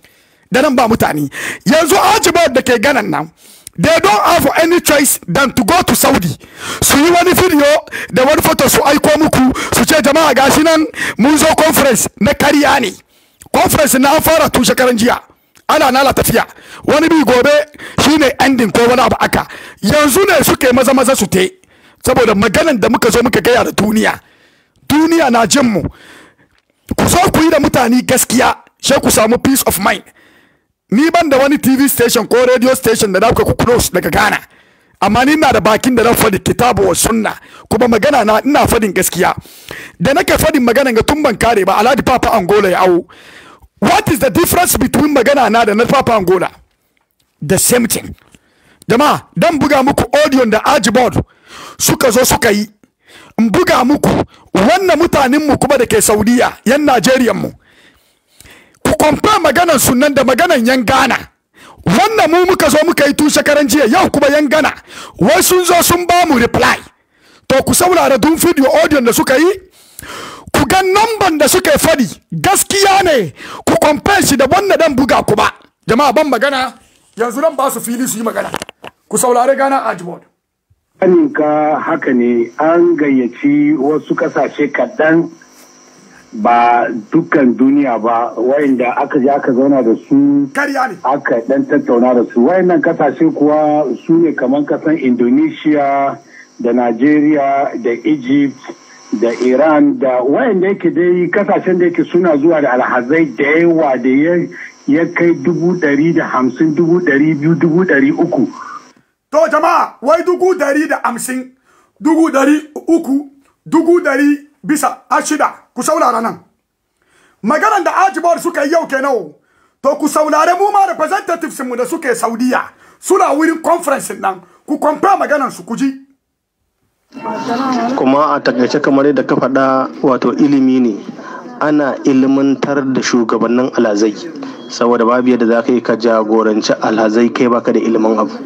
Speaker 1: da nan ba mutane yanzu ajibar da ke ganan nan they don't have any choice than to go to saudi su yi wani video da wani photo su aiko muku su ce jama'a gashi nan mun zo conference na kariya ne conference na an fara tun shekaran jiya ana nala tafiya wani bi gobe shine ending ko wani abu aka yanzu ne suke maza maza su te saboda maganan da muka zo muka gaya da duniya duniya na jin mu ku zo ku yi da mutane gaskiya sai ku samu peace of mind ni ban da wani tv station ko radio station da na ku close daga ghana amma ni ina da bakin da na fadi kitabu wa sunna kuma magana na ina faɗin gaskiya da nake faɗin magana ga tun ban kare ba aladi papa angola ya awo what is the difference between magana na da na papa angola the same thing dama dan buga muku audio da ajibod suka zo suka yi in buga muku wannan mutanen mu kuma da ke saudiya yan najeriyan mu kwamfa maganan sunan da maganan yan gana wannan mu muka zo muka yi tushe shekaran jiya yau kuma yan gana wai sun zo sun ba mu reply to ku saurara dun video audio da suka yi ku ga namban da suka fadi gaskiya ne ku kwamfa shi da wannan dan buga ku ba jama'a ban magana yanzu nan ba su fili su yi magana ku saurari gana ajibod
Speaker 3: ka haka ne an gayyaci wasu kasashe kaɗan ba dukkan duniya ba wayanda aka je aka zauna da su aka dan tattauna da su wayannan kasashe kuwa su ne kamar kasan indonesia da nigeria da egypt da iran da wayanda yake dai kasashen da yake suna zuwa da alhazai da yawa da ya kai dubu dari
Speaker 1: da hamsin dubu dari biyu dubu dari uku to jama'a wai dubu dari da hamsin dubu dari uku dubu dari bisa ashida ku saurara nan maganar da ajibar suka yi yau kenan to ku saurare mu ma representatives mu da suke saudiya suna wurin conference nan ku compare maganar su ku
Speaker 2: kuma a takaice kamar yadda ka faɗa wato ilimi ne ana ilmantar da shugabannin alhazai saboda babu yadda za ka yi ka jagoranci alhazai kai baka da ilimin abu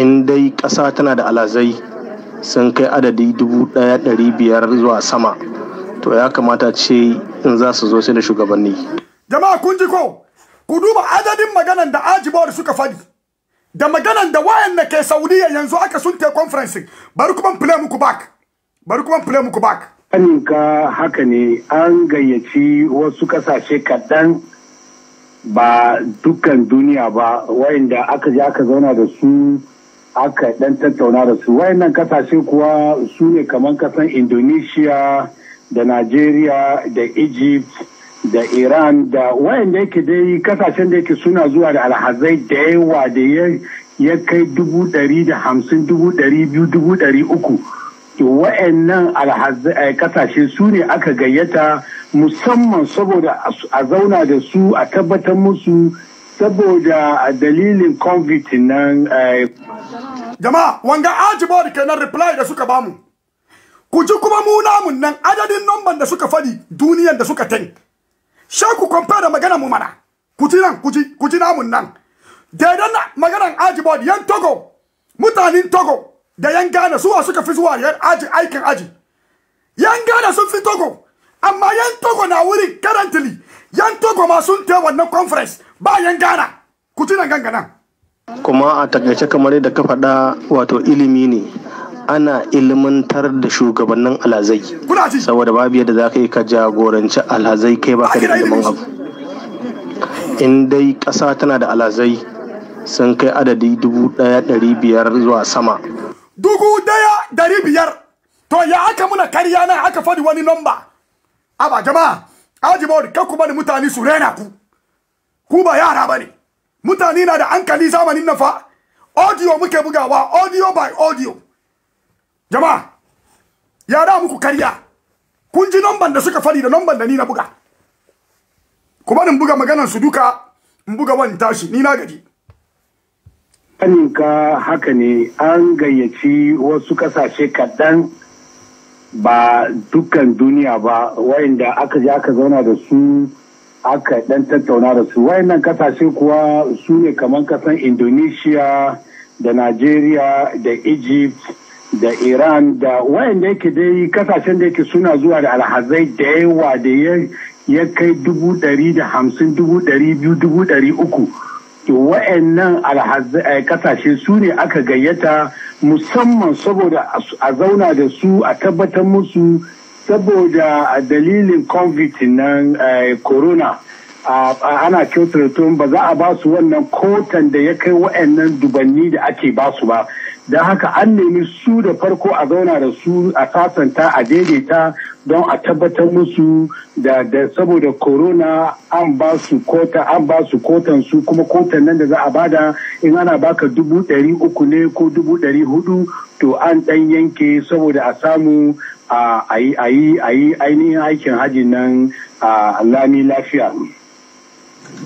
Speaker 2: in dai ƙasa tana da alhazai sun kai adadi dubu ɗaya biyar zuwa sama to ya kamata ce in za su zo sai da shugabanni
Speaker 1: jama'a kun ji ko ku duba adadin maganan da ajibawar suka fadi da maganan da wayan ke saudiya yanzu aka sun te conferencing bari kuma play muku back bari kuma play muku back ka
Speaker 3: haka ne an gayyaci wasu kasashe kaɗan ba dukkan duniya ba wayanda aka je aka zauna da su aka dan tattauna da su wayannan kasashe kuwa su ne kamar kasan indonesia da Najeriya da Egypt da Iran da wayanda yake dai kasashen da yake suna zuwa da alhazai da yawa da ya kai dubu ɗari da hamsin dubu ɗari biyu dubu ɗari uku to wayannan eh, kasashe su ne aka gayyata musamman saboda a zauna da su a tabbatar musu
Speaker 1: saboda dalilin covid nan eh. jama'a wanga ajibo da kenan reply da suka bamu kuji kuma mu namun nan adadin nomban da suka fadi duniyan da suka tan sha ku compare da magana mu mana kuji nan kuji kuji namun nan daidan na maganan aji board yan togo mutanen togo da yan gana suwa suka fi zuwa yan aji aikin aji yan gana sun fi togo amma yan togo na wurin currently yan togo ma sun ta wannan conference ba yan gana ku nan
Speaker 2: kuma a takaice kamar da ka faɗa wato ilimi ne ana ilmantar da shugabannin alhazai saboda babu yadda za ka yi ka jagoranci alhazai kai baka da ilimin abu in dai ƙasa tana da alhazai sun kai adadi dubu ɗaya dari biyar zuwa sama
Speaker 1: dubu ɗaya dari biyar to ya aka muna karya na aka faɗi wani nomba ba jama'a aji bawar kan kuma bani mutane su rena ku ku ba yara ba ne mutane na da hankali zamanin nafa audio muke bugawa audio by audio jama ya da muku kariya kun ji namban da suka fari da namban da ni na buga ku bani buga maganar su duka in buga wani tashi ni na gaji ka haka ne an
Speaker 3: gayyaci wasu kasashe kaɗan ba dukkan duniya ba wayanda aka je aka zauna da su aka dan tattauna da su wayannan kasashe kuwa su ne kamar kasan indonesia da nigeria da egypt da iran da wayanda yake dai kasashen da yake suna zuwa da alhazai da yawa da ya kai dubu dari da hamsin dubu dari biyu dubu dari uku to alhazai eh, kasashe su ne aka gayyata musamman saboda a zauna da su a tabbatar musu saboda dalilin covid nan eh, corona ana kyautata ba za a ba su wannan kotan da ya kai wa'annan dubanni da ake ba su ba don haka an nemi su da farko a zauna da su a sasanta a daidaita don a tabbatar musu da saboda corona an ba su kota an ba su kotan su kuma kotan nan da za a bada in ana baka dubu ɗari uku ne ko dubu ɗari hudu to an ɗan yanke saboda a samu a yi ainihin aikin hajji nan a lami lafiya.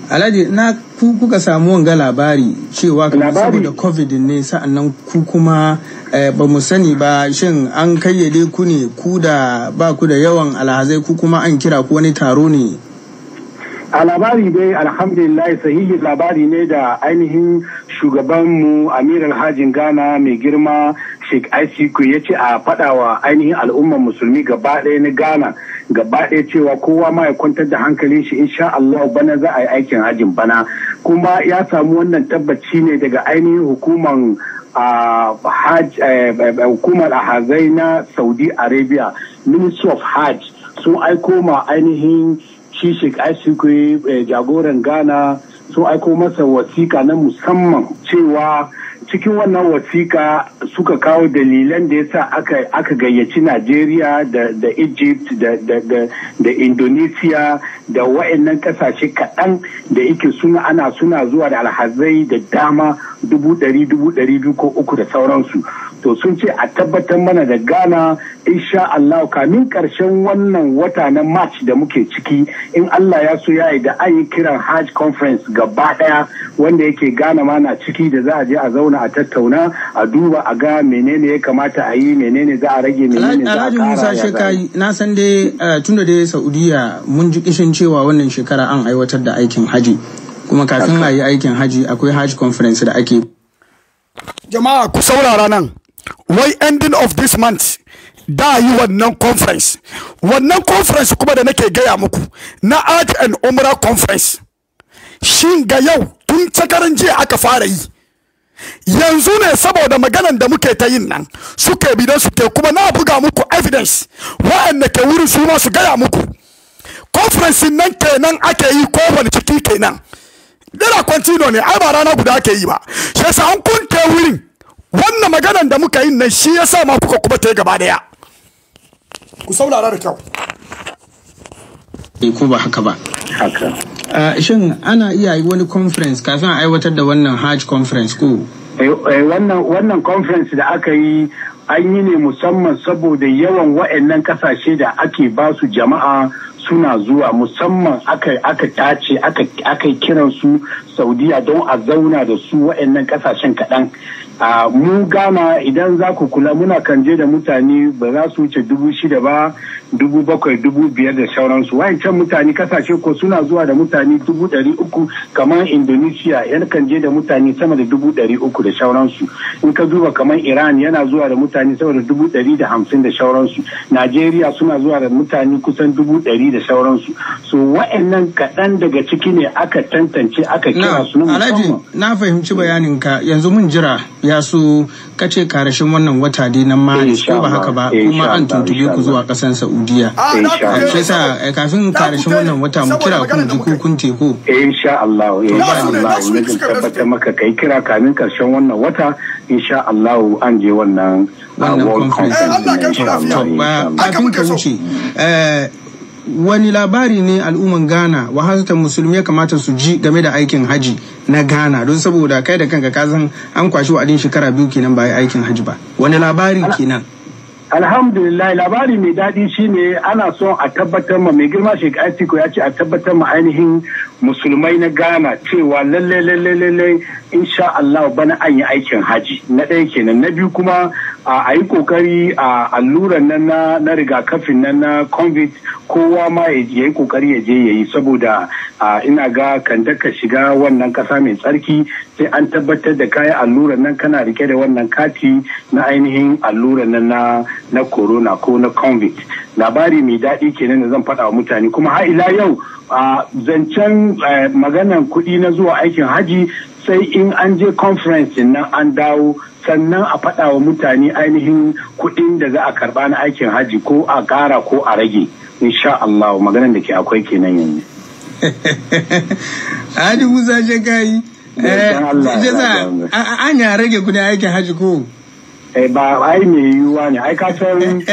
Speaker 4: alhaji na ku kuka samu wanga labari cewa kamar saboda covid ne sa'annan ku kuma eh, ba mu sani ba shin an kayyade ku ne ku da ba ku da yawan alhazai ku kuma an kira ku wani taro ne
Speaker 3: a labari dai alhamdulillah sahihi labari ne da ainihin shugabanmu amir alhajin ghana mai girma Sheikh Aisiku ya ce a faɗawa ainihin al'ummar musulmi gaba ɗaya na Ghana gaba ɗaya cewa kowa ma ya kwantar da hankalin shi insha Allah bana za a yi aikin hajin bana kuma ya samu wannan tabbaci ne daga ainihin hukuman eh, eh, hukumar ahazai na Saudi Arabia Ministry of Hajj sun aiko ma ainihin shi Sheikh eh, jagoran Ghana sun aiko masa wasiƙa na musamman cewa cikin wannan wasiƙa suka kawo dalilan da yasa aka aka gayyaci Najeriya da Egypt da da da, da Indonesia da wa'annan kasashe kaɗan da yake suna ana suna zuwa da alhazai da dama dubu ɗari dubu ɗari biyu ko uku da sauransu. to sun ce a tabbatar mana da Ghana insha Allah kamin karshen wannan wata na March da muke ciki in Allah ya so ya yi da an kiran Hajj conference gaba daya wanda yake Ghana ma na ciki da za a je a zauna a tattauna a duba a ga menene ya kamata a yi menene za a rage menene za a kara Musa Shekai
Speaker 4: na san dai eh, da dai Saudiya mun ji kishin cewa wannan shekara an aiwatar da aikin haji kuma kafin a yi aikin hajji akwai Hajj conference da ake jama'a ku saurara nan
Speaker 1: wai ending of this month da yi wannan conference wannan conference kuma da nake gaya muku na art and Umrah conference shin ga yau tun cakarin jiya aka fara yi yanzu ne saboda maganan da muke ta yin nan suke bidan su ke kuma na buga muku evidence wa'anda ke wurin su ma su gaya muku conference nan kenan ake yi ko kowane ciki kenan dara kwantino ne ai ba rana guda ake yi ba shi an kunte wurin wannan maganan da muka yi nan shi yasa ma kuka kuma ta yi gaba daya ku saurara da kyau
Speaker 4: eh, ko ba haka ba haka eh, shin ana iya yi wani conference kafin aiwatar da wannan hajj conference ko
Speaker 3: eh, wannan conference da aka yi an yi ne musamman saboda yawan wa'annan kasashe da ake ba su jama'a suna zuwa musamman aka tace aka yi kiran su saudiya don a zauna da su waɗannan ƙasashen kaɗan mu gama idan za ku kula muna kanje da mutane ba za su wuce dubu shida ba dubu bakwai dubu biyar da sauransu can mutane kasashe ko suna zuwa da mutane dubu ɗari uku kamar indonesia yana kanje da mutane sama da dubu ɗari uku da sauransu in ka duba kamar iran yana zuwa da mutane sama da dubu ɗari da hamsin da sauransu najeriya suna zuwa da mutane kusan dubu ɗari gari da sauransu so wa'annan kaɗan daga ciki ne aka tantance aka kira
Speaker 4: su na alhaji na fahimci bayanin ka yanzu mun jira ya su kace karashin wannan wata dai nan ma ko ba haka ba kuma an tuntube ku zuwa ƙasan saudiya ah, shi sa eh, kafin karashin wannan wata mu kira ku ji ku kun teku insha Allah insha Allah ne tabbata
Speaker 3: maka kai kira kafin karshen wannan wata insha Allah an je wannan
Speaker 4: ah, wannan conference eh, kafin ka wuce eh, wani labari ne al'umman ghana wahasatan musulmi ya kamata su ji game da aikin haji na ghana don saboda kai da kanka ka san an kwashi wa'adin shekara biyu kenan ba aikin haji ba wani labari kenan alhamdulillah labari mai daɗi shine ana son a
Speaker 3: tabbatar ma mai girma shi atiko ya ce a tabbatar ma ainihin musulmai na ghana cewa lalle lalle lalle insha allah bana an yi aikin haji na ɗaya kenan na biyu kuma a yi kokari a alluran nan na rigakafin nan na covid kowa ma ya yi kokari ya je ya yi saboda ina ga kan daka shiga wannan ƙasa mai tsarki sai an tabbatar da kayan alluran nan kana rike da wannan kati na ainihin alluran nan na na corona ko na covid labari mai daɗi kenan da zan faɗa wa mutane kuma har ila yau a zancen eh, maganan kuɗi na zuwa aikin haji sai in an je conference nan an dawo sannan a faɗa wa mutane ainihin kuɗin da za a karɓa na aikin haji ko a ƙara ko a rage insha Allah maganan da ke akwai kenan yanzu.
Speaker 4: Hadi Musa Shekayi,
Speaker 3: an
Speaker 4: eh, ya rage kuɗin aikin haji ko? Eh,
Speaker 3: ba ai mai yiwuwa ne ai kasan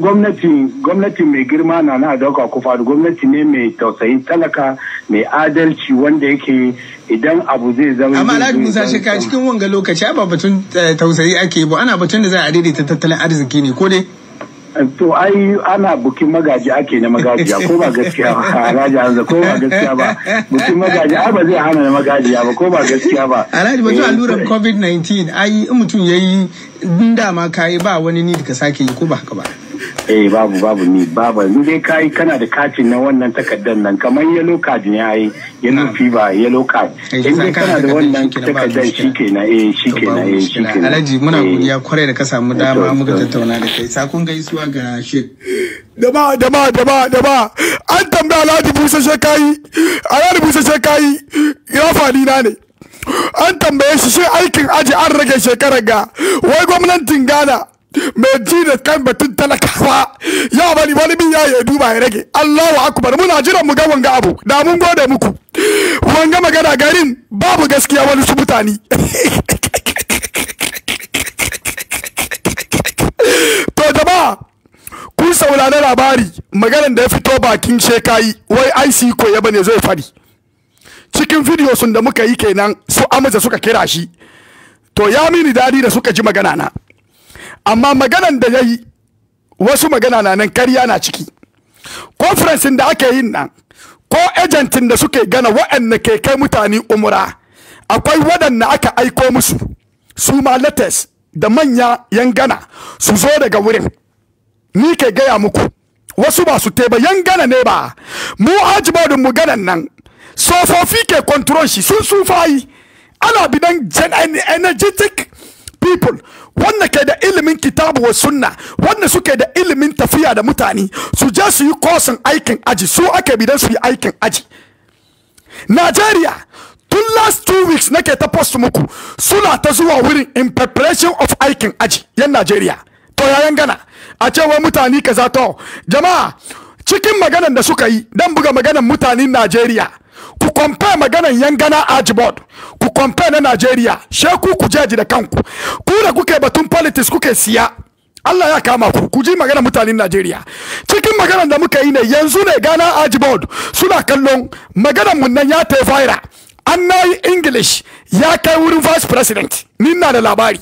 Speaker 3: gwamnati mai girma na na dauka kufa gwamnati ne mai tausayin talaka mai adalci wanda yake idan abu zai zama amma alhaji musa shika
Speaker 4: cikin wanga lokaci ba batun eh, tausayi ake ba ana batun da za a daidaita tattalin arziki ne ko dai to ai ana
Speaker 3: bukin magaji ake
Speaker 4: na magajiya ko ba gaskiya ba alhaji hanzu ko ba gaskiya ba bukin magaji ai ba zai hana na magajiya ba ko
Speaker 3: ba gaskiya ba alhaji batun allurar eh,
Speaker 4: covid-19 ai mutum ya yi dama ka yi ba wani ni da ka sake yi ko ba haka ba
Speaker 3: eh babu babu ni babu ni dai kai kana da katin na wannan takardar nan kamar yellow card ne yayi yellow fever yellow card eh, in dai kana da wannan takardar shikenan eh shikenan eh shikenan alhaji
Speaker 4: muna eh. godiya kwarai da ka samu dama muka tattauna da kai sakon gaisuwa ga shek
Speaker 1: dama dama dama dama an tambaya alhaji busa shekai alhaji busa shekai ya fadi na ne an tambaye shi shi aikin aji an rage shekarar ga wai gwamnatin Ghana mai ji da kan batun talakawa ya bari wani min yayi ya duba ya rage Allahu akbar muna jiran mu ga wanga abu da mun gode muku wanga magana garin babu gaskiya wani su mutane to jama'a kun saurari labari maganar da ya fito bakin shekayi wai IC ko ya bane zai fadi cikin video sun da muka yi kenan su amaza suka kira shi to ya mini dadi da suka ji magana na amma maganan da ya yi wasu magana na nan karya na ciki conferencing da ake yin nan ko ejentin da suke gana waɗanda ke kai mutane umura akwai waɗanda aka aiko musu su ma da manya yan gana su zo daga wurin ni ke gaya muku wasu ba su te ba yan gana ne ba mu hajibodin mu ganan nan sofofi ke control shi sun sufayi ana bidan energetic people wanda ke da ilimin kitabu wa sunna wanda suke da ilimin tafiya da mutane su je su yi kosin aikin aji su ake bi don su yi aikin aji Nigeria tun last two weeks nake ta post muku suna ta zuwa wurin in preparation of aikin aji yan Nigeria to yayan gana a cewa mutane kaza to jama'a cikin maganan da suka yi dan buga maganan mutanen nigeria. ku compare maganan yangana ajibod ku compare na Najeriya sheku ku jaji da kanku ku da kuke batun politics kuke siya Allah ya kama ku ku ji magana mutanen Najeriya cikin maganar da muka yi ne yanzu ne Ghana Ajibod suna kallon maganan mun nan ya ta fira an na yi English ya kai wurin vice president ni na da labari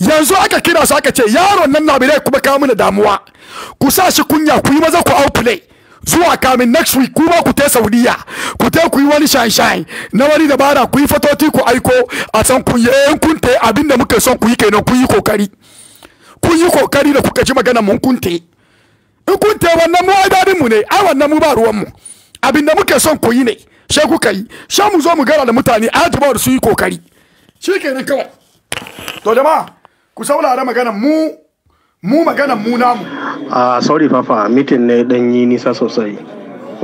Speaker 1: yanzu aka kira su aka ce yaron nan na bire kuma kawo mana damuwa ku sa shi kunya ku yi maza ku outplay zuwa kamin next week kuma ku ta saudiya ku ta ku yi wani shanshan na wani dabara ku yi fatoti ku aiko a san ku yi kun te abin da muke son ku yi kenan ku yi kokari ku yi kokari da kuka ji magana mun kun te in kun wannan mu aibabin mu ne ai wannan mu ba ruwan mu abin da muke son ku yi ne she ku kai she mu zo mu gara da mutane a su yi kokari shi kenan kawai to jama'a ku saurara magana mu mu magana mu namu
Speaker 2: a ah, sorry papa mitin ne dan yi nisa sosai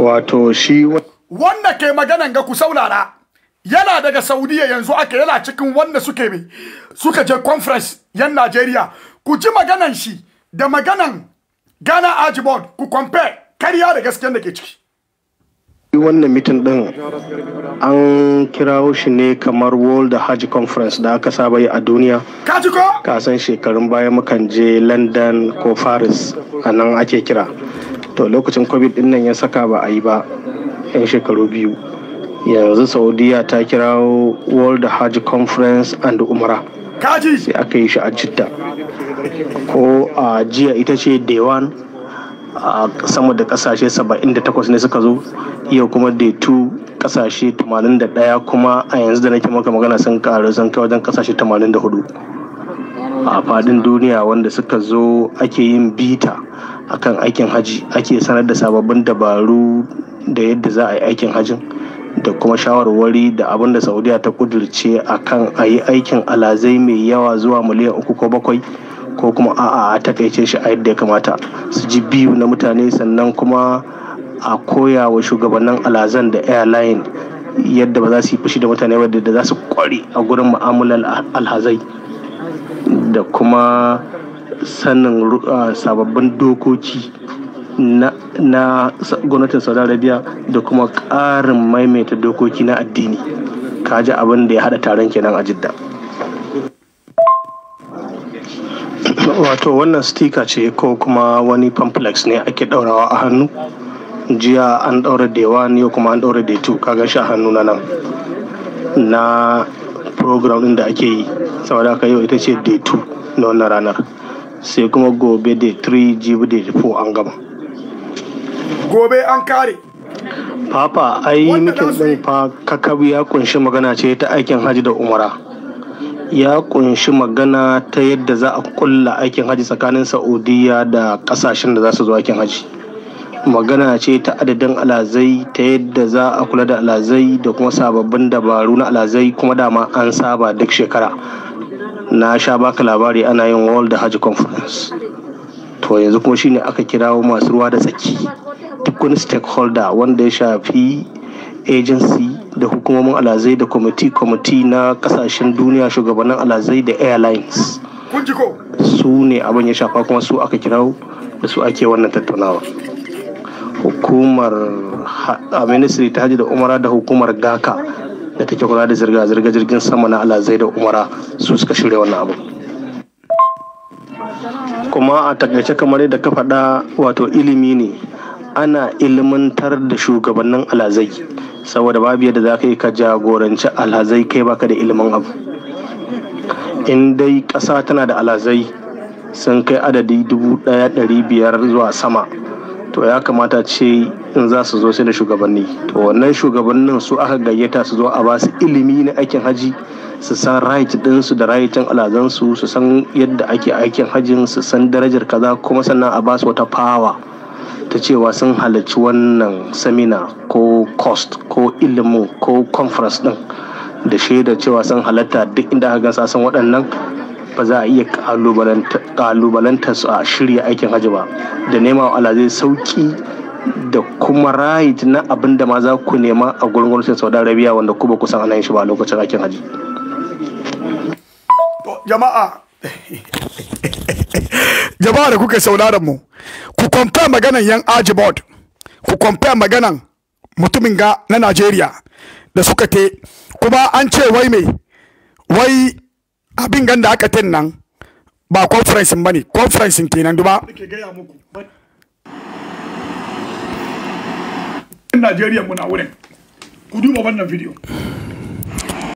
Speaker 2: wato shi
Speaker 1: wanda ke maganan ga ku saurara yana daga saudiya yanzu aka yana cikin wanda suke mai suka je conference yan najeriya ku ji maganan shi da maganan ghana ajibod ku compare kariya da gaskiyar da ke ciki
Speaker 2: wannan mitin din an kirawo shi ne kamar world hajj conference da aka saba yi a duniya Ka san shekarun baya mukan je london ko paris a nan ake kira to lokacin covid din nan ya saka ba a yi ba yan shekaru biyu yanzu saudiya ta kirawo world hajj conference and umara. sai aka yi shi a jidda ko a jiya ita ce dewan a sama da kasashe 78 ne suka zo yau kuma da tu kasashe 81 kuma a yanzu da nake maka magana sun karu sun kai wajen kasashe 84 a fadin duniya wanda suka zo ake yin bita akan aikin haji ake sanar da sababbin dabaru da yadda za a yi aikin hajin da kuma shawarwari da abin da saudiya ta kudurce akan a yi aikin alazai mai yawa zuwa miliyan uku ko bakwai ko kuma a'a a takaice shi a yadda ya kamata su ji biyu na mutane sannan kuma a koya wa shugabannin alazan da airline yadda ba za su yi fushi da mutane ba da za su kware a gurin mu'amalar alhazai da kuma sanin sababbin dokoki na gwamnatin saudi arabia da kuma ƙarin maimaita dokoki na addini kaji abin da ya haɗa taron kenan a jidda Wato wannan stika ce ko kuma wani pamplex ne ake daurawa a hannu. Jiya an daura da yawa yau kuma an daura da two kaga shi a hannu na nan. Na program din da ake yi. Saboda haka yau ita ce day two na wannan ranar. Sai kuma gobe day three jibi day four an gama.
Speaker 1: Gobe an kare.
Speaker 2: Papa, ai mikin din fa kakab ya kunshi magana ce ta aikin hajji da umara. ya kunshi magana ta yadda za a kulla aikin haji tsakanin saudiya da kasashen da za su zo aikin haji magana ce ta adadin alazai ta yadda za a kula da alazai da kuma sababbin dabaru na alazai kuma dama an saba duk shekara na sha baka labari ana yin world hajj conference to yanzu kuma shine aka kirawo masu ruwa da tsaki duk wani stakeholder wanda ya shafi agency da hukumomin alazai da kwamiti-kwamiti na kasashen duniya shugabannin alazai da airlines su ne abin ya shafa kuma su aka kirawo da su ake wannan tattaunawa hukumar a ministry ta hajji da umara da hukumar gaka da take kula da zirga-zirga jirgin sama na alazai da umara su suka shirya wannan abu kuma a takaice kamar yadda ka faɗa wato ilimi ne ana ilmantar da shugabannin alazai saboda babu yadda za ka yi ka jagoranci alhazai kai baka da ilimin abu in dai ƙasa tana da alhazai sun kai adadi dubu biyar zuwa sama to ya kamata ce in za su zo sai da shugabanni to wannan shugabannin su aka gayyata su zo a ba su ilimi na aikin haji su san right ɗinsu da rayuwar alazan su san yadda ake aikin hajin su san darajar kaza kuma sannan a ba su wata fawa ta cewa sun halarci wannan seminar ko cost ko ilimin ko conference din da shaida cewa sun halarta duk inda aka gansa sun waɗannan ba za a iya kalubalanta su a shirya aikin hajji ba da nema ala zai
Speaker 1: sauki
Speaker 2: da kuma right na abin da ma za ku nema a gurin gwamnatin saudi arabia wanda ku ba ku san ana shi ba a lokacin aikin hajji
Speaker 1: jama'a jama'a da kuka sauraron mu ku compare maganan yan ajibod ku compare maganan mutumin ga na Najeriya da suka te kuma an ce wai me wai abin ganda aka tin nan ba conference ba ne conference kenan duba Najeriya muna wurin ku duba wannan video